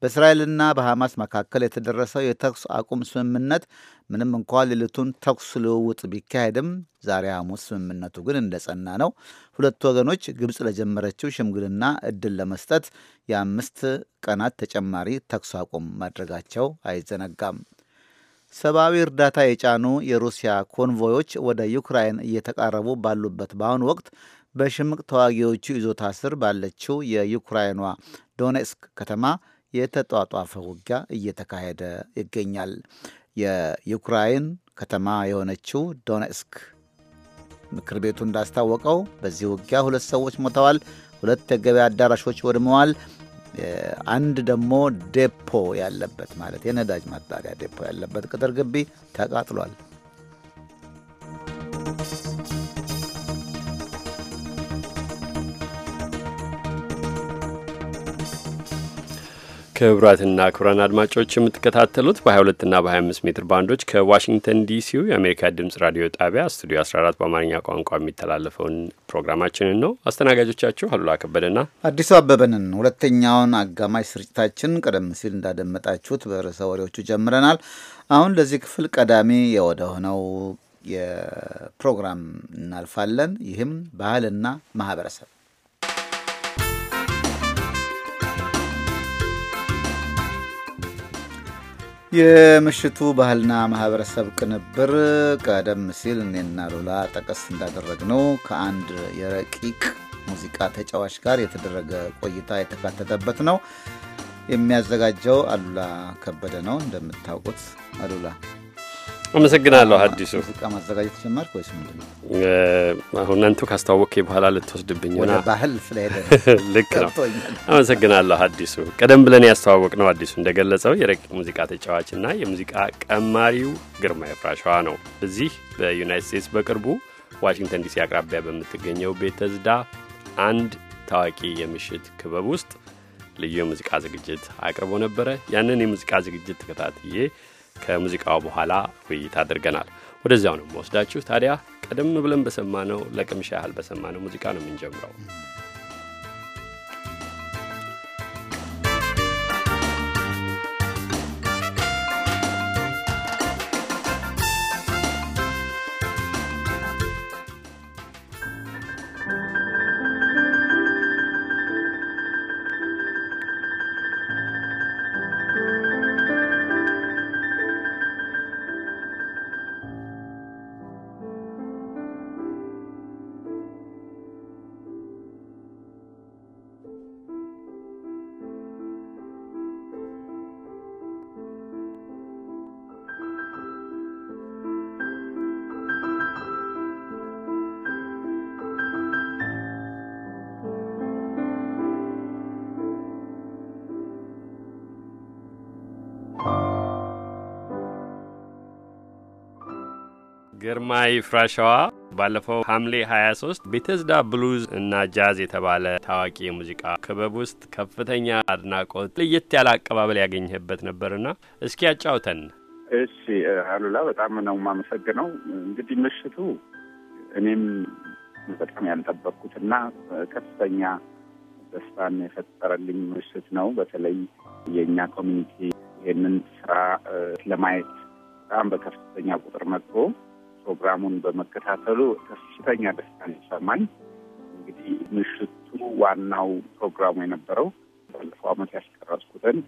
በእስራኤልና በሐማስ መካከል የተደረሰው የተኩስ አቁም ስምምነት ምንም እንኳ ሌሊቱን ተኩስ ልውውጥ ቢካሄድም ዛሬ ሐሙስ ስምምነቱ ግን እንደጸና ነው። ሁለቱ ወገኖች ግብፅ ለጀመረችው ሽምግልና እድል ለመስጠት የአምስት ቀናት ተጨማሪ ተኩስ አቁም ማድረጋቸው አይዘነጋም። ሰብአዊ እርዳታ የጫኑ የሩሲያ ኮንቮዮች ወደ ዩክራይን እየተቃረቡ ባሉበት በአሁኑ ወቅት በሽምቅ ተዋጊዎቹ ይዞታ ስር ባለችው የዩክራይኗ ዶኔስክ ከተማ የተጧጧፈ ውጊያ እየተካሄደ ይገኛል። የዩክራይን ከተማ የሆነችው ዶኔስክ ምክር ቤቱ እንዳስታወቀው በዚህ ውጊያ ሁለት ሰዎች ሞተዋል፣ ሁለት የገበያ አዳራሾች ወድመዋል፣ አንድ ደግሞ ዴፖ ያለበት ማለት የነዳጅ ማጣሪያ ዴፖ ያለበት ቅጥር ግቢ ተቃጥሏል። ክቡራትና ክቡራን አድማጮች የምትከታተሉት በ 22 እና በ25 ሜትር ባንዶች ከዋሽንግተን ዲሲው የአሜሪካ ድምፅ ራዲዮ ጣቢያ ስቱዲዮ 14 በአማርኛ ቋንቋ የሚተላለፈውን ፕሮግራማችንን ነው። አስተናጋጆቻችሁ አሉላ ከበደና አዲሱ አበበንን። ሁለተኛውን አጋማሽ ስርጭታችን ቀደም ሲል እንዳደመጣችሁት በርዕሰ ወሬዎቹ ጀምረናል። አሁን ለዚህ ክፍል ቀዳሚ የወደሆነው የፕሮግራም እናልፋለን። ይህም ባህልና ማህበረሰብ የምሽቱ ባህልና ማህበረሰብ ቅንብር ቀደም ሲል እኔና ሉላ ጠቀስ እንዳደረግነው ከአንድ የረቂቅ ሙዚቃ ተጫዋች ጋር የተደረገ ቆይታ የተካተተበት ነው። የሚያዘጋጀው አሉላ ከበደ ነው። እንደምታውቁት አሉላ አመሰግናለሁ። አዲሱ ሙዚቃ ማዘጋጀት ጀመር ወይስ ምንድን ነው? አሁን አንቱ ካስተዋወቅ በኋላ ልትወስድብኝ ሆና ባህል ስለሄደ ልክ ነው። አመሰግናለሁ አዲሱ። ቀደም ብለን ያስተዋወቅ ነው አዲሱ እንደገለጸው የረቂቅ ሙዚቃ ተጫዋችና የሙዚቃ ቀማሪው ግርማ የፍራሸዋ ነው። እዚህ በዩናይት ስቴትስ በቅርቡ ዋሽንግተን ዲሲ አቅራቢያ በምትገኘው ቤተዝዳ አንድ ታዋቂ የምሽት ክበብ ውስጥ ልዩ የሙዚቃ ዝግጅት አቅርቦ ነበረ። ያንን የሙዚቃ ዝግጅት ተከታትዬ ከሙዚቃው በኋላ ውይይት አድርገናል። ወደዚያው ነው የምወስዳችሁ። ታዲያ ቀደም ብለን በሰማነው ለቅምሻ ያህል በሰማነው ሙዚቃ ነው የምንጀምረው። ግርማይ ፍራሻዋ ባለፈው ሐምሌ 23 ቤተዝዳ ብሉዝ እና ጃዝ የተባለ ታዋቂ የሙዚቃ ክበብ ውስጥ ከፍተኛ አድናቆት ለየት ያለ አቀባበል ያገኘህበት ነበርና እስኪ ያጫውተን። እሺ አሉላ፣ በጣም ነው የማመሰግነው። እንግዲህ ምሽቱ እኔም በጣም ያልጠበቅኩትና ከፍተኛ ደስታን የፈጠረልኝ ምሽት ነው። በተለይ የእኛ ኮሚኒቲ ይህንን ስራ ለማየት በጣም በከፍተኛ ቁጥር መጥቶ ፕሮግራሙን በመከታተሉ ከፍተኛ ደስታ ይሰማኝ። እንግዲህ ምሽቱ ዋናው ፕሮግራሙ የነበረው ባለፈው ዓመት ያስቀረጽኩትን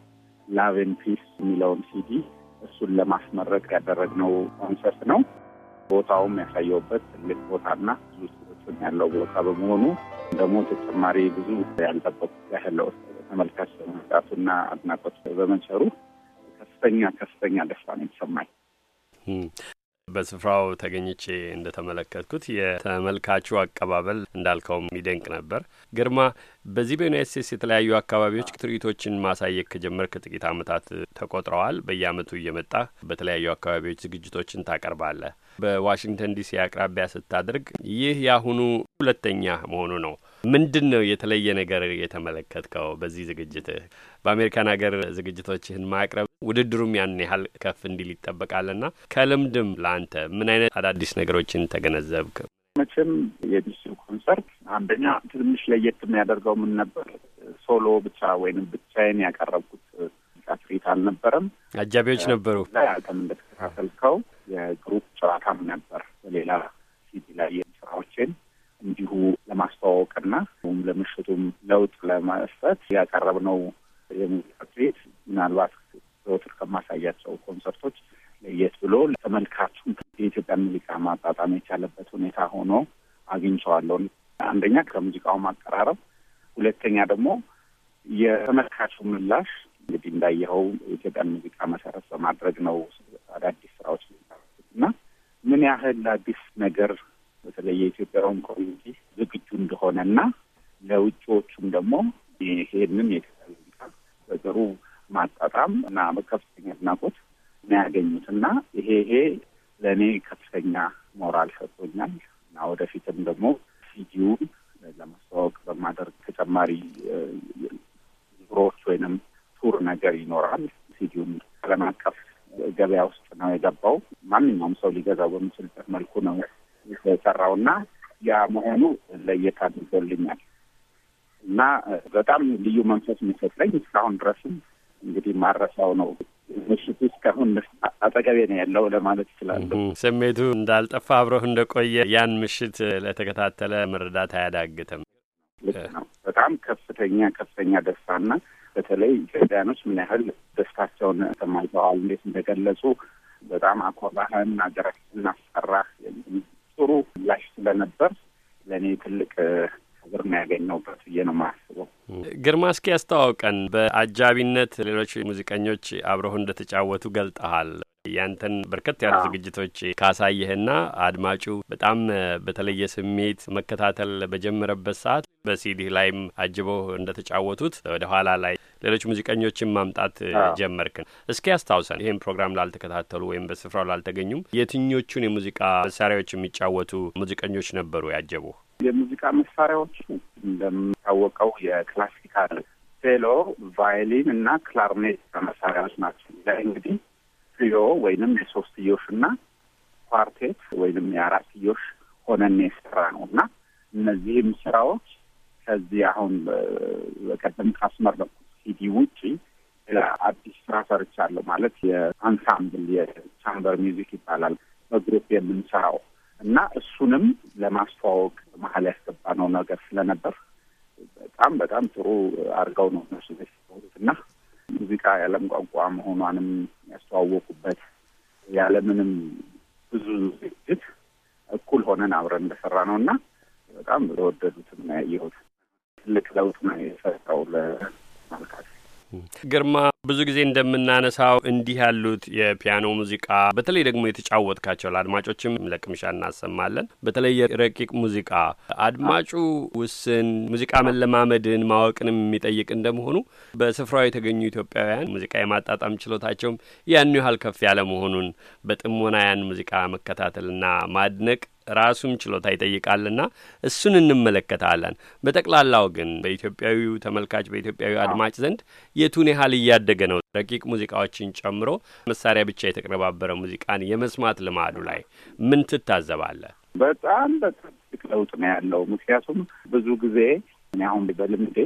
ላቭ ፒስ የሚለውን ሲዲ እሱን ለማስመረቅ ያደረግነው ኮንሰርት ነው። ቦታውም ያሳየውበት ትልቅ ቦታና ብዙ ሰዎችም ያለው ቦታ በመሆኑ ደግሞ ተጨማሪ ብዙ ያልጠበቁ ያለው ተመልካች በመምጣቱና አድናቆት በመንሰሩ ከፍተኛ ከፍተኛ ደስታ ነው የተሰማኝ። በስፍራው ተገኝቼ እንደተመለከትኩት የተመልካቹ አቀባበል እንዳልከውም ይደንቅ ነበር። ግርማ፣ በዚህ በዩናይት ስቴትስ የተለያዩ አካባቢዎች ትርኢቶችን ማሳየት ከጀመር ጥቂት ዓመታት ተቆጥረዋል። በየአመቱ እየመጣ በተለያዩ አካባቢዎች ዝግጅቶችን ታቀርባለህ። በዋሽንግተን ዲሲ አቅራቢያ ስታደርግ ይህ የአሁኑ ሁለተኛ መሆኑ ነው። ምንድን ነው የተለየ ነገር የተመለከትከው በዚህ ዝግጅት? በአሜሪካን ሀገር ዝግጅቶችህን ማቅረብ ውድድሩም ያን ያህል ከፍ እንዲል ይጠበቃልና ከልምድም ለአንተ ምን አይነት አዳዲስ ነገሮችን ተገነዘብክ? መቼም የዲሲ ኮንሰርት አንደኛ ትንሽ ለየት የሚያደርገው ምን ነበር? ሶሎ ብቻ ወይንም ብቻዬን ያቀረብኩት ትርኢት አልነበረም። አጃቢዎች ነበሩ። አንተም እንደተከታተልከው የግሩፕ ጨዋታም ነበር። በሌላ ሲዲ ላይ ስራዎችን እንዲሁ ለማስተዋወቅና ለምሽቱም ለውጥ ለመስጠት ያቀረብነው የሙዚቃ ቤት ምናልባት ዘወትር ከማሳያቸው ኮንሰርቶች ለየት ብሎ ተመልካቹም የኢትዮጵያ ሙዚቃ ማጣጣም የቻለበት ሁኔታ ሆኖ አግኝቸዋለሁ አንደኛ ከሙዚቃው ማቀራረብ፣ ሁለተኛ ደግሞ የተመልካቹ ምላሽ እንግዲህ እንዳየኸው የኢትዮጵያን ሙዚቃ መሰረት በማድረግ ነው አዳዲስ ስራዎች እና ምን ያህል አዲስ ነገር በተለይ የኢትዮጵያውን ኮሚኒቲ ዝግጁ እንደሆነ እና ለውጭዎቹም ደግሞ ይሄንን የኢትዮጵያ በጥሩ ማጣጣም እና በከፍተኛ አድናቆት የሚያገኙት እና ይሄ ይሄ ለእኔ ከፍተኛ ሞራል ሰጥቶኛል እና ወደፊትም ደግሞ ፊጂውን ለማስተዋወቅ በማደርግ ተጨማሪ ዙሮች ወይንም ቱር ነገር ይኖራል። ፊጂውን ዓለም አቀፍ ገበያ ውስጥ ነው የገባው። ማንኛውም ሰው ሊገዛው በሚችልበት መልኩ ነው የሰራው የሰራውና ያ መሆኑ ለየት አድርጎልኛል እና በጣም ልዩ መንፈስ የሚሰጠኝ እስካሁን ድረስም እንግዲህ ማረሳው ነው። ምሽቱ እስካሁን አጠገቤ ነው ያለው ለማለት እችላለሁ። ስሜቱ እንዳልጠፋ አብረህ እንደቆየ ያን ምሽት ለተከታተለ መረዳት አያዳግትም። ነው። በጣም ከፍተኛ ከፍተኛ ደስታና በተለይ ኢትዮጵያኖች ምን ያህል ደስታቸውን ተማይተዋል፣ እንዴት እንደገለጹ በጣም አኮራህን፣ አገራችን እናስጠራህ ጥሩ ምላሽ ስለነበር ለእኔ ትልቅ ክብር ነው ያገኘውበት ብዬ ነው ማስበው። ግርማ፣ እስኪ ያስተዋውቀን። በአጃቢነት ሌሎች ሙዚቀኞች አብረሁ እንደተጫወቱ ገልጠሃል። ያንተን በርከት ያሉ ዝግጅቶች ካሳየህና አድማጩ በጣም በተለየ ስሜት መከታተል በጀመረበት ሰዓት በሲዲ ላይም አጅበው እንደተጫወቱት ወደ ኋላ ላይ ሌሎች ሙዚቀኞችን ማምጣት ጀመርክን። እስኪ ያስታውሰን፣ ይህን ፕሮግራም ላልተከታተሉ ወይም በስፍራው ላልተገኙም የትኞቹን የሙዚቃ መሳሪያዎች የሚጫወቱ ሙዚቀኞች ነበሩ ያጀቡ? የሙዚቃ መሳሪያዎች እንደምታወቀው የክላሲካል ሴሎ፣ ቫዮሊን እና ክላርኔት መሳሪያዎች ናቸው። እንግዲህ ትሪዮ ወይንም የሶስትዮሽ እና ኳርቴት ወይንም የአራትዮሽ ሆነን የሰራ ነው እና እነዚህም ስራዎች ከዚህ አሁን በቀደም ካስመረኩት ሲዲ ውጪ አዲስ ስራ ሰርቻለሁ። ማለት የአንሳምብል የቻምበር ሚዚክ ይባላል በግሩፕ የምንሰራው እና እሱንም ለማስተዋወቅ መሀል ያስገባነው ነገር ስለነበር በጣም በጣም ጥሩ አድርገው ነው እነሱ እና ሙዚቃ የዓለም ቋንቋ መሆኗንም ያስተዋወቁበት ያለምንም ብዙ ዝግጅት እኩል ሆነን አብረን እንደሰራ ነው እና በጣም ለወደዱትም ነው ያየሁት። ትልቅ ለውጥ ነው የሰጠው ለማልካት ግርማ ብዙ ጊዜ እንደምናነሳው እንዲህ ያሉት የፒያኖ ሙዚቃ በተለይ ደግሞ የተጫወትካቸው ለአድማጮችም ለቅምሻ እናሰማለን። በተለይ ረቂቅ ሙዚቃ አድማጩ ውስን ሙዚቃ መለማመድን ማወቅንም የሚጠይቅ እንደመሆኑ በስፍራው የተገኙ ኢትዮጵያውያን ሙዚቃ የማጣጣም ችሎታቸውም ያን ያህል ከፍ ያለ መሆኑን በጥሞና ያን ሙዚቃ መከታተልና ማድነቅ ራሱም ችሎታ ይጠይቃልና እሱን እንመለከታለን። በጠቅላላው ግን በኢትዮጵያዊው ተመልካች በኢትዮጵያዊ አድማጭ ዘንድ የቱን ያህል እያደገ እያደረገ ነው። ረቂቅ ሙዚቃዎችን ጨምሮ መሳሪያ ብቻ የተቀነባበረ ሙዚቃን የመስማት ልማዱ ላይ ምን ትታዘባለህ? በጣም በትልቅ ለውጥ ነው ያለው። ምክንያቱም ብዙ ጊዜ እኔ አሁን በልምዴ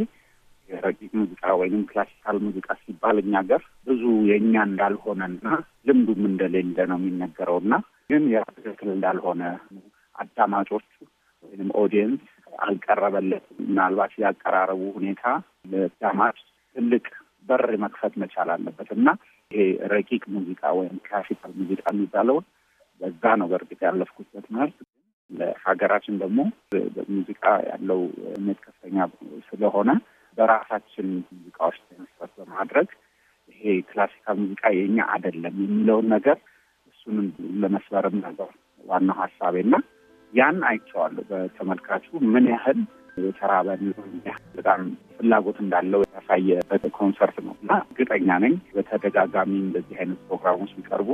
የረቂቅ ሙዚቃ ወይም ክላሲካል ሙዚቃ ሲባል እኛ ሀገር ብዙ የእኛ እንዳልሆነና ልምዱም እንደሌለ ነው የሚነገረው እና ግን ያ ትክክል እንዳልሆነ አዳማጮቹ ወይም ኦዲየንስ አልቀረበለትም። ምናልባት ያቀራረቡ ሁኔታ ለአዳማጭ ትልቅ በር መክፈት መቻል አለበት እና ይሄ ረቂቅ ሙዚቃ ወይም ክላሲካል ሙዚቃ የሚባለውን በዛ ነው በእርግጥ ያለፍኩበት ማለት ለሀገራችን ደግሞ ሙዚቃ ያለው እምነት ከፍተኛ ስለሆነ በራሳችን ሙዚቃዎች መሰረት በማድረግ ይሄ ክላሲካል ሙዚቃ የኛ አይደለም የሚለውን ነገር እሱንም ለመስበርም ነገር ዋናው ሀሳቤና ያን አይቼዋለሁ። በተመልካቹ ምን ያህል የተራበ በጣም ፍላጎት እንዳለው ያሳየበት ኮንሰርት ነው እና እርግጠኛ ነኝ በተደጋጋሚ እንደዚህ አይነት ፕሮግራሞች ቢቀርቡ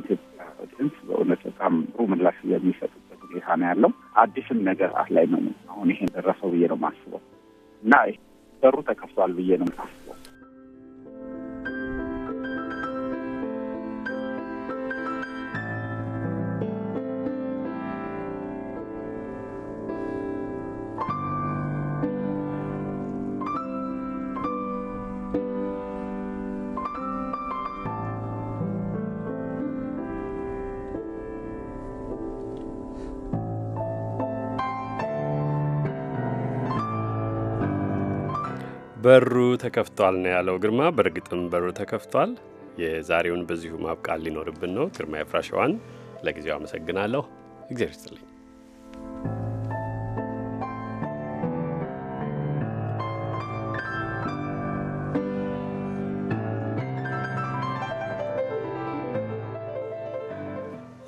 ኢትዮጵያ ኦዲየንስ በእውነት በጣም ጥሩ ምላሽ የሚሰጡበት ሁኔታ ነው ያለው። አዲስም ነገር ላይ ነው አሁን ይሄን ደረሰው ብዬ ነው የማስበው እና በሩ ተከፍቷል ብዬ ነው በሩ ተከፍቷል ነው ያለው ግርማ። በእርግጥም በሩ ተከፍቷል። የዛሬውን በዚሁ ማብቃት ሊኖርብን ነው። ግርማ የፍራሸዋን ለጊዜው አመሰግናለሁ። እግዚአብሔር ይስጥልኝ።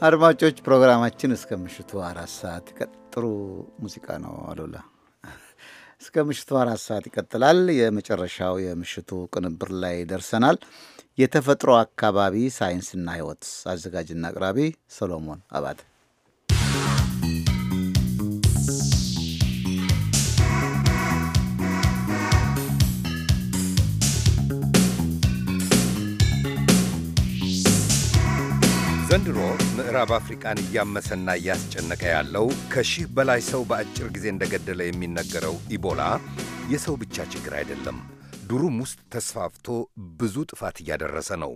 አድማጮች ፕሮግራማችን እስከ ምሽቱ አራት ሰዓት ጥሩ ሙዚቃ ነው አሉላ እስከ ምሽቱ አራት ሰዓት ይቀጥላል። የመጨረሻው የምሽቱ ቅንብር ላይ ደርሰናል። የተፈጥሮ አካባቢ ሳይንስና ሕይወት አዘጋጅና አቅራቢ ሰሎሞን አባት ዘንድሮ ምዕራብ አፍሪቃን እያመሰና እያስጨነቀ ያለው ከሺህ በላይ ሰው በአጭር ጊዜ እንደገደለ የሚነገረው ኢቦላ የሰው ብቻ ችግር አይደለም። ዱሩም ውስጥ ተስፋፍቶ ብዙ ጥፋት እያደረሰ ነው።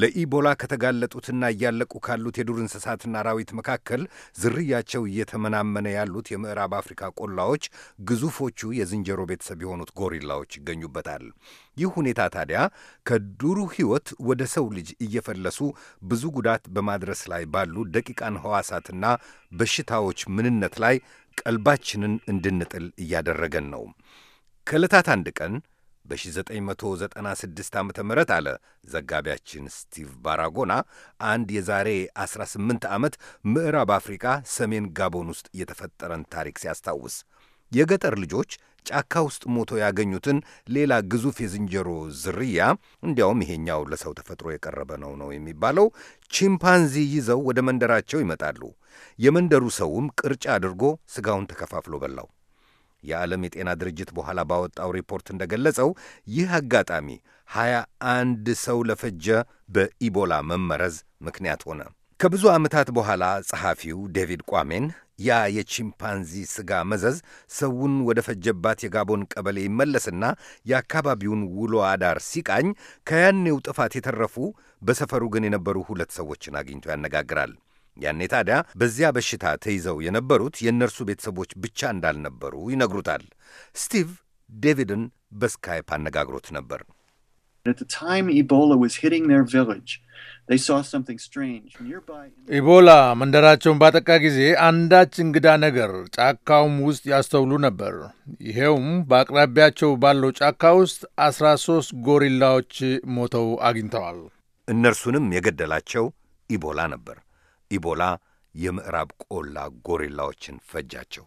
ለኢቦላ ከተጋለጡትና እያለቁ ካሉት የዱር እንስሳትና አራዊት መካከል ዝርያቸው እየተመናመነ ያሉት የምዕራብ አፍሪካ ቆላዎች ግዙፎቹ የዝንጀሮ ቤተሰብ የሆኑት ጎሪላዎች ይገኙበታል። ይህ ሁኔታ ታዲያ ከዱሩ ሕይወት ወደ ሰው ልጅ እየፈለሱ ብዙ ጉዳት በማድረስ ላይ ባሉ ደቂቃን ሕዋሳትና በሽታዎች ምንነት ላይ ቀልባችንን እንድንጥል እያደረገን ነው። ከዕለታት አንድ ቀን በ1996 ዓ ም አለ ዘጋቢያችን ስቲቭ ባራጎና አንድ የዛሬ 18 ዓመት ምዕራብ አፍሪካ ሰሜን ጋቦን ውስጥ የተፈጠረን ታሪክ ሲያስታውስ የገጠር ልጆች ጫካ ውስጥ ሞቶ ያገኙትን ሌላ ግዙፍ የዝንጀሮ ዝርያ እንዲያውም ይሄኛው ለሰው ተፈጥሮ የቀረበ ነው ነው የሚባለው ቺምፓንዚ ይዘው ወደ መንደራቸው ይመጣሉ። የመንደሩ ሰውም ቅርጫ አድርጎ ስጋውን ተከፋፍሎ በላው። የዓለም የጤና ድርጅት በኋላ ባወጣው ሪፖርት እንደገለጸው ይህ አጋጣሚ 21 ሰው ለፈጀ በኢቦላ መመረዝ ምክንያት ሆነ። ከብዙ ዓመታት በኋላ ጸሐፊው ዴቪድ ቋሜን ያ የቺምፓንዚ ሥጋ መዘዝ ሰውን ወደ ፈጀባት የጋቦን ቀበሌ ይመለስና የአካባቢውን ውሎ አዳር ሲቃኝ ከያኔው ጥፋት የተረፉ በሰፈሩ ግን የነበሩ ሁለት ሰዎችን አግኝቶ ያነጋግራል። ያኔ ታዲያ በዚያ በሽታ ተይዘው የነበሩት የእነርሱ ቤተሰቦች ብቻ እንዳልነበሩ ይነግሩታል። ስቲቭ ዴቪድን በስካይፕ አነጋግሮት ነበር። ኢቦላ መንደራቸውን ባጠቃ ጊዜ አንዳች እንግዳ ነገር ጫካውም ውስጥ ያስተውሉ ነበር። ይሄውም በአቅራቢያቸው ባለው ጫካ ውስጥ አስራ ሶስት ጎሪላዎች ሞተው አግኝተዋል። እነርሱንም የገደላቸው ኢቦላ ነበር። ኢቦላ የምዕራብ ቆላ ጎሪላዎችን ፈጃቸው።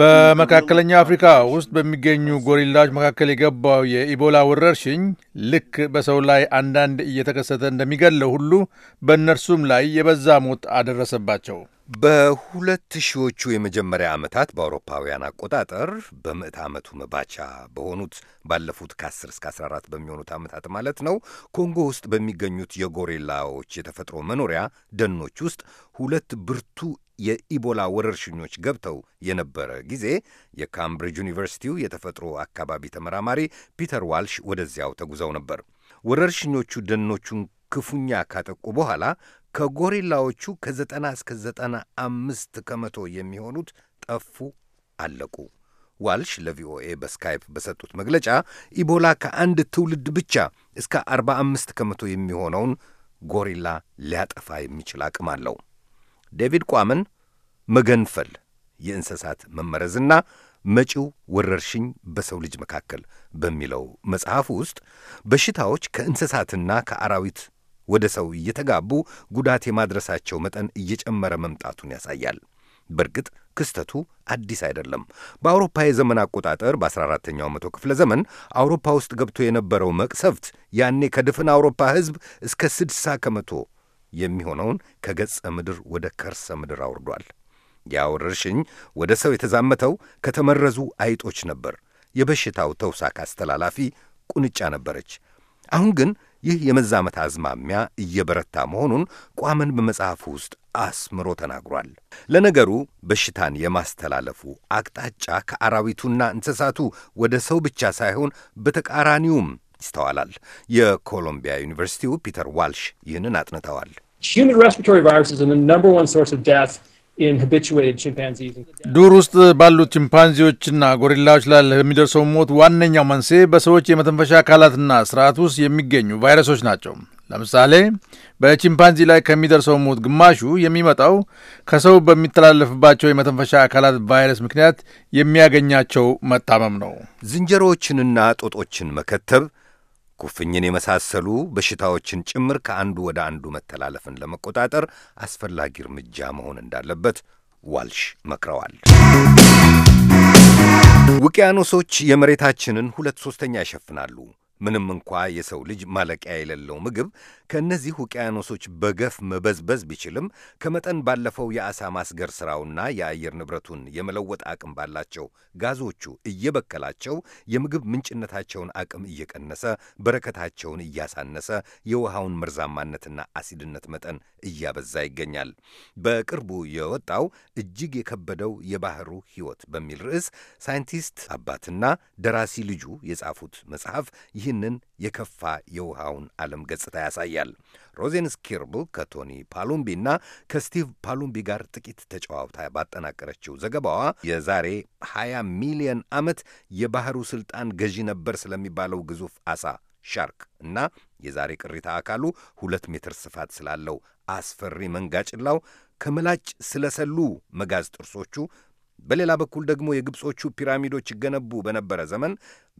በመካከለኛው አፍሪካ ውስጥ በሚገኙ ጎሪላዎች መካከል የገባው የኢቦላ ወረርሽኝ ልክ በሰው ላይ አንዳንድ እየተከሰተ እንደሚገለው ሁሉ በእነርሱም ላይ የበዛ ሞት አደረሰባቸው። በሁለት ሺዎቹ የመጀመሪያ ዓመታት በአውሮፓውያን አቆጣጠር በምዕት ዓመቱ መባቻ በሆኑት ባለፉት ከ10 እስከ 14 በሚሆኑት ዓመታት ማለት ነው ኮንጎ ውስጥ በሚገኙት የጎሪላዎች የተፈጥሮ መኖሪያ ደኖች ውስጥ ሁለት ብርቱ የኢቦላ ወረርሽኞች ገብተው የነበረ ጊዜ የካምብሪጅ ዩኒቨርሲቲው የተፈጥሮ አካባቢ ተመራማሪ ፒተር ዋልሽ ወደዚያው ተጉዘው ነበር። ወረርሽኞቹ ደኖቹን ክፉኛ ካጠቁ በኋላ ከጎሪላዎቹ ከዘጠና እስከ ዘጠና አምስት ከመቶ የሚሆኑት ጠፉ፣ አለቁ። ዋልሽ ለቪኦኤ በስካይፕ በሰጡት መግለጫ ኢቦላ ከአንድ ትውልድ ብቻ እስከ 45 ከመቶ የሚሆነውን ጎሪላ ሊያጠፋ የሚችል አቅም አለው። ዴቪድ ቋምን መገንፈል፣ የእንስሳት መመረዝና መጪው ወረርሽኝ በሰው ልጅ መካከል በሚለው መጽሐፍ ውስጥ በሽታዎች ከእንስሳትና ከአራዊት ወደ ሰው እየተጋቡ ጉዳት የማድረሳቸው መጠን እየጨመረ መምጣቱን ያሳያል። በእርግጥ ክስተቱ አዲስ አይደለም። በአውሮፓ የዘመን አቆጣጠር በ14ኛው መቶ ክፍለ ዘመን አውሮፓ ውስጥ ገብቶ የነበረው መቅሰፍት ያኔ ከድፍን አውሮፓ ሕዝብ እስከ 60 ከመቶ የሚሆነውን ከገጸ ምድር ወደ ከርሰ ምድር አውርዷል። ያ ወረርሽኝ ወደ ሰው የተዛመተው ከተመረዙ አይጦች ነበር። የበሽታው ተውሳክ አስተላላፊ ቁንጫ ነበረች። አሁን ግን ይህ የመዛመት አዝማሚያ እየበረታ መሆኑን ቋምን በመጽሐፉ ውስጥ አስምሮ ተናግሯል። ለነገሩ በሽታን የማስተላለፉ አቅጣጫ ከአራዊቱና እንስሳቱ ወደ ሰው ብቻ ሳይሆን በተቃራኒውም ይስተዋላል። የኮሎምቢያ ዩኒቨርሲቲው ፒተር ዋልሽ ይህንን አጥንተዋል። Human respiratory the number one source of death ዱር ውስጥ ባሉት ቺምፓንዚዎችና ጎሪላዎች ላይ ለሚደርሰው ሞት ዋነኛው መንስኤ በሰዎች የመተንፈሻ አካላትና ስርዓት ውስጥ የሚገኙ ቫይረሶች ናቸው። ለምሳሌ በቺምፓንዚ ላይ ከሚደርሰው ሞት ግማሹ የሚመጣው ከሰው በሚተላለፍባቸው የመተንፈሻ አካላት ቫይረስ ምክንያት የሚያገኛቸው መታመም ነው። ዝንጀሮዎችንና ጦጦችን መከተብ ኩፍኝን የመሳሰሉ በሽታዎችን ጭምር ከአንዱ ወደ አንዱ መተላለፍን ለመቆጣጠር አስፈላጊ እርምጃ መሆን እንዳለበት ዋልሽ መክረዋል። ውቅያኖሶች የመሬታችንን ሁለት ሦስተኛ ይሸፍናሉ። ምንም እንኳ የሰው ልጅ ማለቂያ የሌለው ምግብ ከእነዚህ ውቅያኖሶች በገፍ መበዝበዝ ቢችልም ከመጠን ባለፈው የአሳ ማስገር ሥራውና የአየር ንብረቱን የመለወጥ አቅም ባላቸው ጋዞቹ እየበከላቸው የምግብ ምንጭነታቸውን አቅም እየቀነሰ በረከታቸውን እያሳነሰ የውሃውን መርዛማነትና አሲድነት መጠን እያበዛ ይገኛል። በቅርቡ የወጣው እጅግ የከበደው የባህሩ ሕይወት በሚል ርዕስ ሳይንቲስት አባትና ደራሲ ልጁ የጻፉት መጽሐፍ ይህንን የከፋ የውሃውን ዓለም ገጽታ ያሳያል። ሮዜንስ ኪርብል ከቶኒ ፓሉምቢ እና ከስቲቭ ፓሉምቢ ጋር ጥቂት ተጨዋውታ ባጠናቀረችው ዘገባዋ የዛሬ 20 ሚሊዮን ዓመት የባህሩ ስልጣን ገዢ ነበር ስለሚባለው ግዙፍ አሳ ሻርክ እና የዛሬ ቅሪታ አካሉ ሁለት ሜትር ስፋት ስላለው አስፈሪ መንጋጭላው ከምላጭ ስለሰሉ መጋዝ ጥርሶቹ በሌላ በኩል ደግሞ የግብጾቹ ፒራሚዶች ይገነቡ በነበረ ዘመን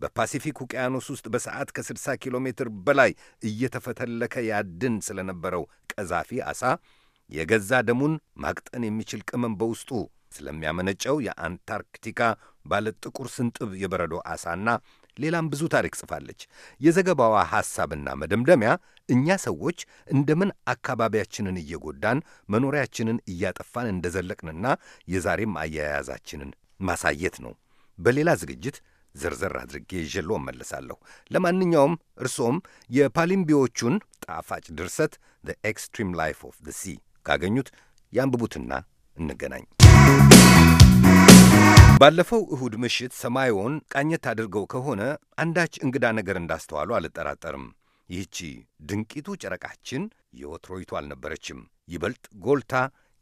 በፓሲፊክ ውቅያኖስ ውስጥ በሰዓት ከ60 ኪሎ ሜትር በላይ እየተፈተለከ ያድን ስለነበረው ቀዛፊ አሳ የገዛ ደሙን ማቅጠን የሚችል ቅመም በውስጡ ስለሚያመነጨው የአንታርክቲካ ባለ ጥቁር ስንጥብ የበረዶ አሳና ሌላም ብዙ ታሪክ ጽፋለች። የዘገባዋ ሐሳብና መደምደሚያ እኛ ሰዎች እንደምን አካባቢያችንን እየጎዳን መኖሪያችንን እያጠፋን እንደዘለቅንና የዛሬም አያያዛችንን ማሳየት ነው። በሌላ ዝግጅት ዝርዝር አድርጌ ይዤሎ እመለሳለሁ። ለማንኛውም እርሶም የፓሊምቢዎቹን ጣፋጭ ድርሰት ዘ ኤክስትሪም ላይፍ ኦፍ ዘ ሲ ካገኙት ያንብቡትና እንገናኝ። ባለፈው እሁድ ምሽት ሰማዮን ቃኘት አድርገው ከሆነ አንዳች እንግዳ ነገር እንዳስተዋሉ አልጠራጠርም። ይህቺ ድንቂቱ ጨረቃችን የወትሮይቱ አልነበረችም። ይበልጥ ጎልታ፣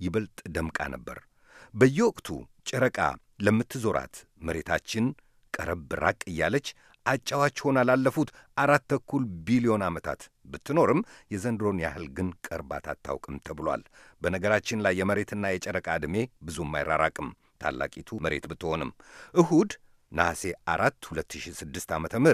ይበልጥ ደምቃ ነበር። በየወቅቱ ጨረቃ ለምትዞራት መሬታችን ቀረብ ራቅ እያለች አጫዋች ሆና ላለፉት አራት ተኩል ቢሊዮን ዓመታት ብትኖርም የዘንድሮን ያህል ግን ቀርባት አታውቅም ተብሏል። በነገራችን ላይ የመሬትና የጨረቃ ዕድሜ ብዙም አይራራቅም። ታላቂቱ መሬት ብትሆንም እሁድ ነሐሴ 4 2006 ዓ ም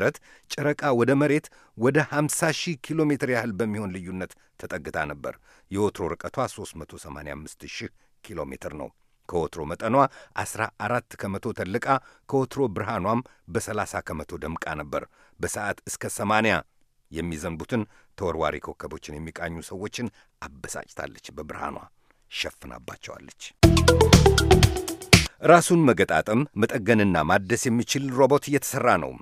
ጨረቃ ወደ መሬት ወደ 50 ሺህ ኪሎ ሜትር ያህል በሚሆን ልዩነት ተጠግታ ነበር። የወትሮ ርቀቷ 385 ሺህ ኪሎ ሜትር ነው። ከወትሮ መጠኗ 14 ከመቶ ተልቃ ከወትሮ ብርሃኗም በ30 ከመቶ ደምቃ ነበር። በሰዓት እስከ 80 የሚዘንቡትን ተወርዋሪ ኮከቦችን የሚቃኙ ሰዎችን አበሳጭታለች። በብርሃኗ ሸፍናባቸዋለች። ራሱን መገጣጠም መጠገንና ማደስ የሚችል ሮቦት እየተሠራ ነው።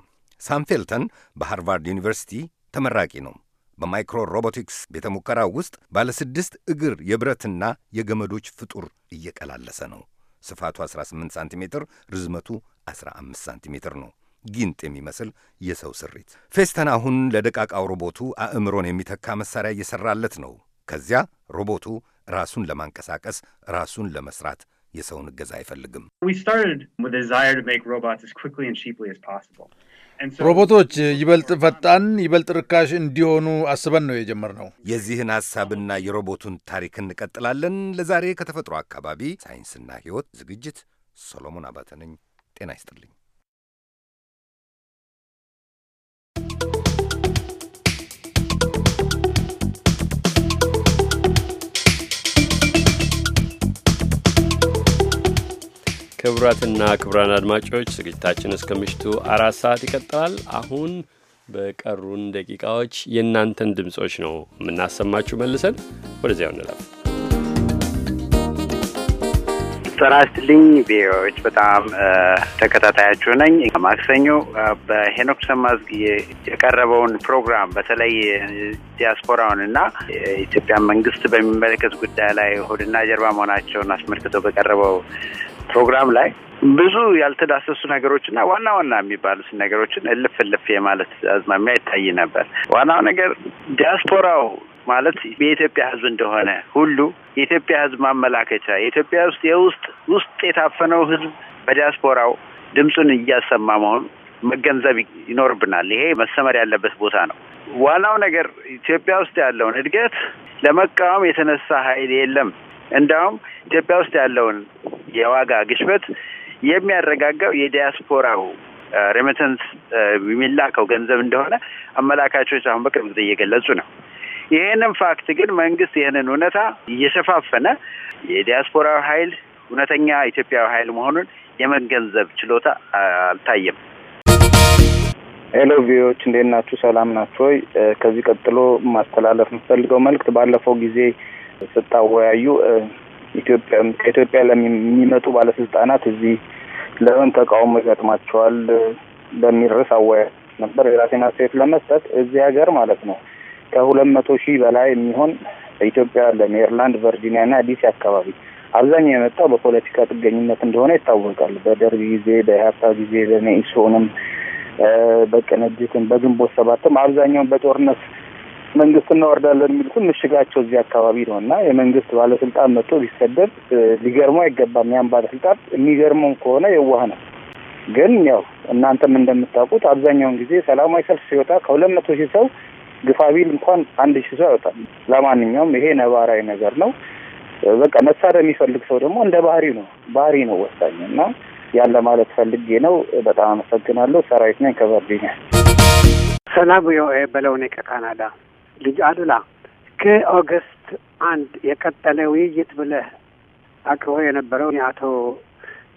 ሳም ፌልተን በሃርቫርድ ዩኒቨርሲቲ ተመራቂ ነው። በማይክሮ ሮቦቲክስ ቤተ ሙከራ ውስጥ ባለ ስድስት እግር የብረትና የገመዶች ፍጡር እየቀላለሰ ነው። ስፋቱ 18 ሳንቲሜትር፣ ርዝመቱ 15 ሳንቲሜትር ነው። ጊንጥ የሚመስል የሰው ስሪት። ፌስተን አሁን ለደቃቃው ሮቦቱ አእምሮን የሚተካ መሳሪያ እየሠራለት ነው። ከዚያ ሮቦቱ ራሱን ለማንቀሳቀስ ራሱን ለመስራት የሰውን እገዛ አይፈልግም። ሮቦቶች ይበልጥ ፈጣን፣ ይበልጥ ርካሽ እንዲሆኑ አስበን ነው የጀመርነው። የዚህን ሐሳብና የሮቦቱን ታሪክ እንቀጥላለን። ለዛሬ ከተፈጥሮ አካባቢ ሳይንስና ሕይወት ዝግጅት ሶሎሞን አባተ ነኝ። ጤና ይስጥልኝ። ክቡራትና ክቡራን አድማጮች ዝግጅታችን እስከ ምሽቱ አራት ሰዓት ይቀጥላል። አሁን በቀሩን ደቂቃዎች የእናንተን ድምጾች ነው የምናሰማችሁ። መልሰን ወደዚያው እንላል። ጤና ይስጥልኝ በጣም ተከታታያችሁ ነኝ። ማክሰኞ በሄኖክ ሰማዝጌ የቀረበውን ፕሮግራም በተለይ ዲያስፖራውን እና የኢትዮጵያ መንግስት በሚመለከት ጉዳይ ላይ ሆድና ጀርባ መሆናቸውን አስመልክቶ በቀረበው ፕሮግራም ላይ ብዙ ያልተዳሰሱ ነገሮች እና ዋና ዋና የሚባሉት ነገሮችን እልፍ እልፍ የማለት አዝማሚያ ይታይ ነበር። ዋናው ነገር ዲያስፖራው ማለት የኢትዮጵያ ሕዝብ እንደሆነ ሁሉ የኢትዮጵያ ሕዝብ ማመላከቻ የኢትዮጵያ ውስጥ የውስጥ ውስጥ የታፈነው ሕዝብ በዲያስፖራው ድምፁን እያሰማ መሆኑ መገንዘብ ይኖርብናል። ይሄ መሰመር ያለበት ቦታ ነው። ዋናው ነገር ኢትዮጵያ ውስጥ ያለውን እድገት ለመቃወም የተነሳ ኃይል የለም። እንዲያውም ኢትዮጵያ ውስጥ ያለውን የዋጋ ግሽበት የሚያረጋጋው የዲያስፖራው ሬሚተንስ የሚላከው ገንዘብ እንደሆነ አመላካቾች አሁን በቅርብ ጊዜ እየገለጹ ነው። ይህንን ፋክት ግን መንግስት ይህንን እውነታ እየሸፋፈነ የዲያስፖራው ኃይል እውነተኛ ኢትዮጵያዊ ኃይል መሆኑን የመገንዘብ ችሎታ አልታየም። ሄሎ ቪዎች እንዴት ናችሁ? ሰላም ናችሁ ወይ? ከዚህ ቀጥሎ ማስተላለፍ የምፈልገው መልእክት ባለፈው ጊዜ ስታወያዩ ኢትዮጵያ ከኢትዮጵያ ለሚመጡ ባለስልጣናት እዚህ ለምን ተቃውሞ ይገጥማቸዋል በሚል ርዕስ አወያ ነበር። የራሴን አስተያየት ለመስጠት እዚህ ሀገር ማለት ነው ከሁለት መቶ ሺህ በላይ የሚሆን ኢትዮጵያ ለሜሪላንድ፣ ቨርጂኒያ ና ዲሲ አካባቢ አብዛኛው የመጣው በፖለቲካ ጥገኝነት እንደሆነ ይታወቃል። በደርግ ጊዜ፣ በኢህአፓ ጊዜ፣ በመኢሶንም፣ በቅንጅትም፣ በግንቦት ሰባትም አብዛኛውን በጦርነት መንግስት እናወርዳለን የሚሉት ምሽጋቸው እዚህ አካባቢ ነው እና የመንግስት ባለስልጣን መጥቶ ቢሰደብ ሊገርመው አይገባም። ያን ባለስልጣን የሚገርመው ከሆነ የዋህ ነው። ግን ያው እናንተም እንደምታውቁት አብዛኛውን ጊዜ ሰላማዊ ሰልፍ ሲወጣ ከሁለት መቶ ሺህ ሰው ግፋቢል እንኳን አንድ ሺህ ሰው ያወጣል። ለማንኛውም ይሄ ነባራዊ ነገር ነው። በቃ መሳደብ የሚፈልግ ሰው ደግሞ እንደ ባህሪ ነው ባህሪ ነው ወሳኝ እና ያለ ማለት ፈልጌ ነው። በጣም አመሰግናለሁ። ሰራዊት ነኝ። ከበርዴኛል ሰላም ዮ በለውኔ ከካናዳ ልጅ አሉላ ከኦገስት አንድ የቀጠለ ውይይት ብለህ አቅርቦ የነበረውን የአቶ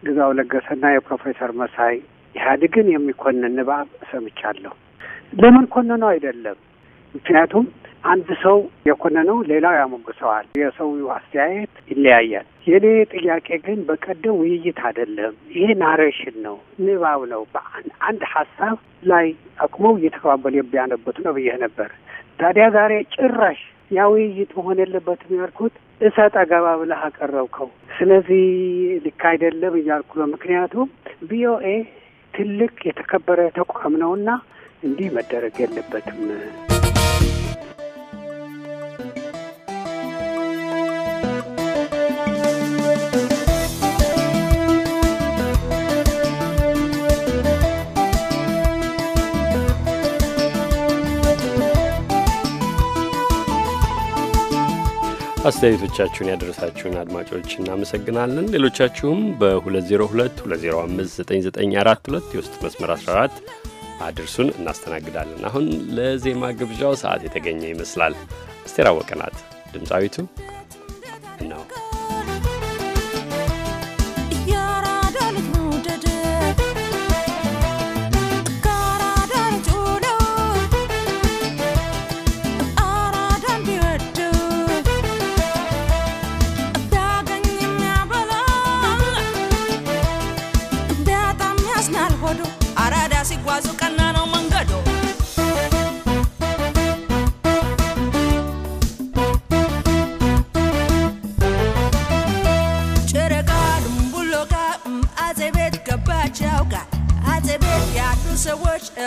ግዛው ለገሰና የፕሮፌሰር መሳይ ኢህአዴግን የሚኮንን ንባብ ሰምቻለሁ። ለምን ኮንነው አይደለም። ምክንያቱም አንድ ሰው የኮነነው ሌላው ያሞግሰዋል። የሰው አስተያየት ይለያያል። የኔ ጥያቄ ግን በቀደም ውይይት አይደለም፣ ይሄ ናሬሽን ነው፣ ንባብ ነው። በአንድ ሀሳብ ላይ አቁመው እየተከባበሉ የሚያነቡት ነው ብዬ ነበር። ታዲያ ዛሬ ጭራሽ ያ ውይይት መሆን የለበትም ያልኩት እሰጥ አገባ ብለህ አቀረብከው። ስለዚህ ልክ አይደለም እያልኩ ነው። ምክንያቱም ቪኦኤ ትልቅ የተከበረ ተቋም ነውና እንዲህ መደረግ የለበትም። አስተያየቶቻችሁን ያደረሳችሁን አድማጮች እናመሰግናለን። ሌሎቻችሁም በ202 የውስጥ መስመር 14 አድርሱን፣ እናስተናግዳለን። አሁን ለዜማ ግብዣው ሰዓት የተገኘ ይመስላል። አስቴር አወቀናት ድምፃዊቱ ነው።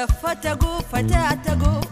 gaffata goofataa ta'u.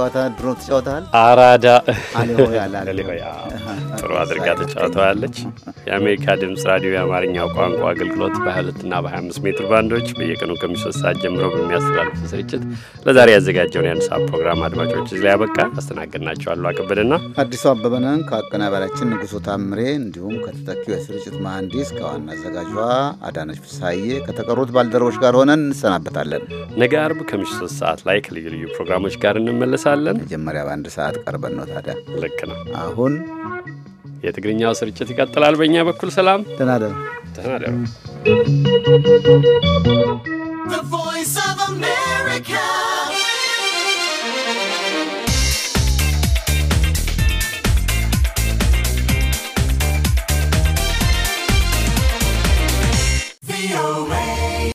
Araada. Aleekoo yoo aleekoo. Aleekoo አድርጋ ተጫውተዋለች። የአሜሪካ ድምፅ ራዲዮ የአማርኛው ቋንቋ አገልግሎት በ22ና በ25 ሜትር ባንዶች በየቀኑ ከምሽቱ ሰዓት ጀምሮ በሚያስተላልፍ ስርጭት ለዛሬ ያዘጋጀውን የአንድ ሰዓት ፕሮግራም አድማጮች እዚህ ላይ ያበቃ። አስተናገድናቸዋሉ አከበደና አዲሱ አበበነን ከአቀናባሪያችን ንጉሶ ታምሬ እንዲሁም ከተተኪው የስርጭት መሐንዲስ ከዋና አዘጋጇ አዳነች ፍሳዬ ከተቀሩት ባልደረቦች ጋር ሆነን እንሰናበታለን። ነገ አርብ ከምሽቱ ሶስት ሰዓት ላይ ከልዩ ልዩ ፕሮግራሞች ጋር እንመለሳለን። መጀመሪያ በአንድ ሰዓት ቀርበን ነው ታዲያ። ልክ ነው አሁን የትግርኛው ስርጭት ይቀጥላል። በእኛ በኩል ሰላም ተናደሩ ተናደሩ። The voice of America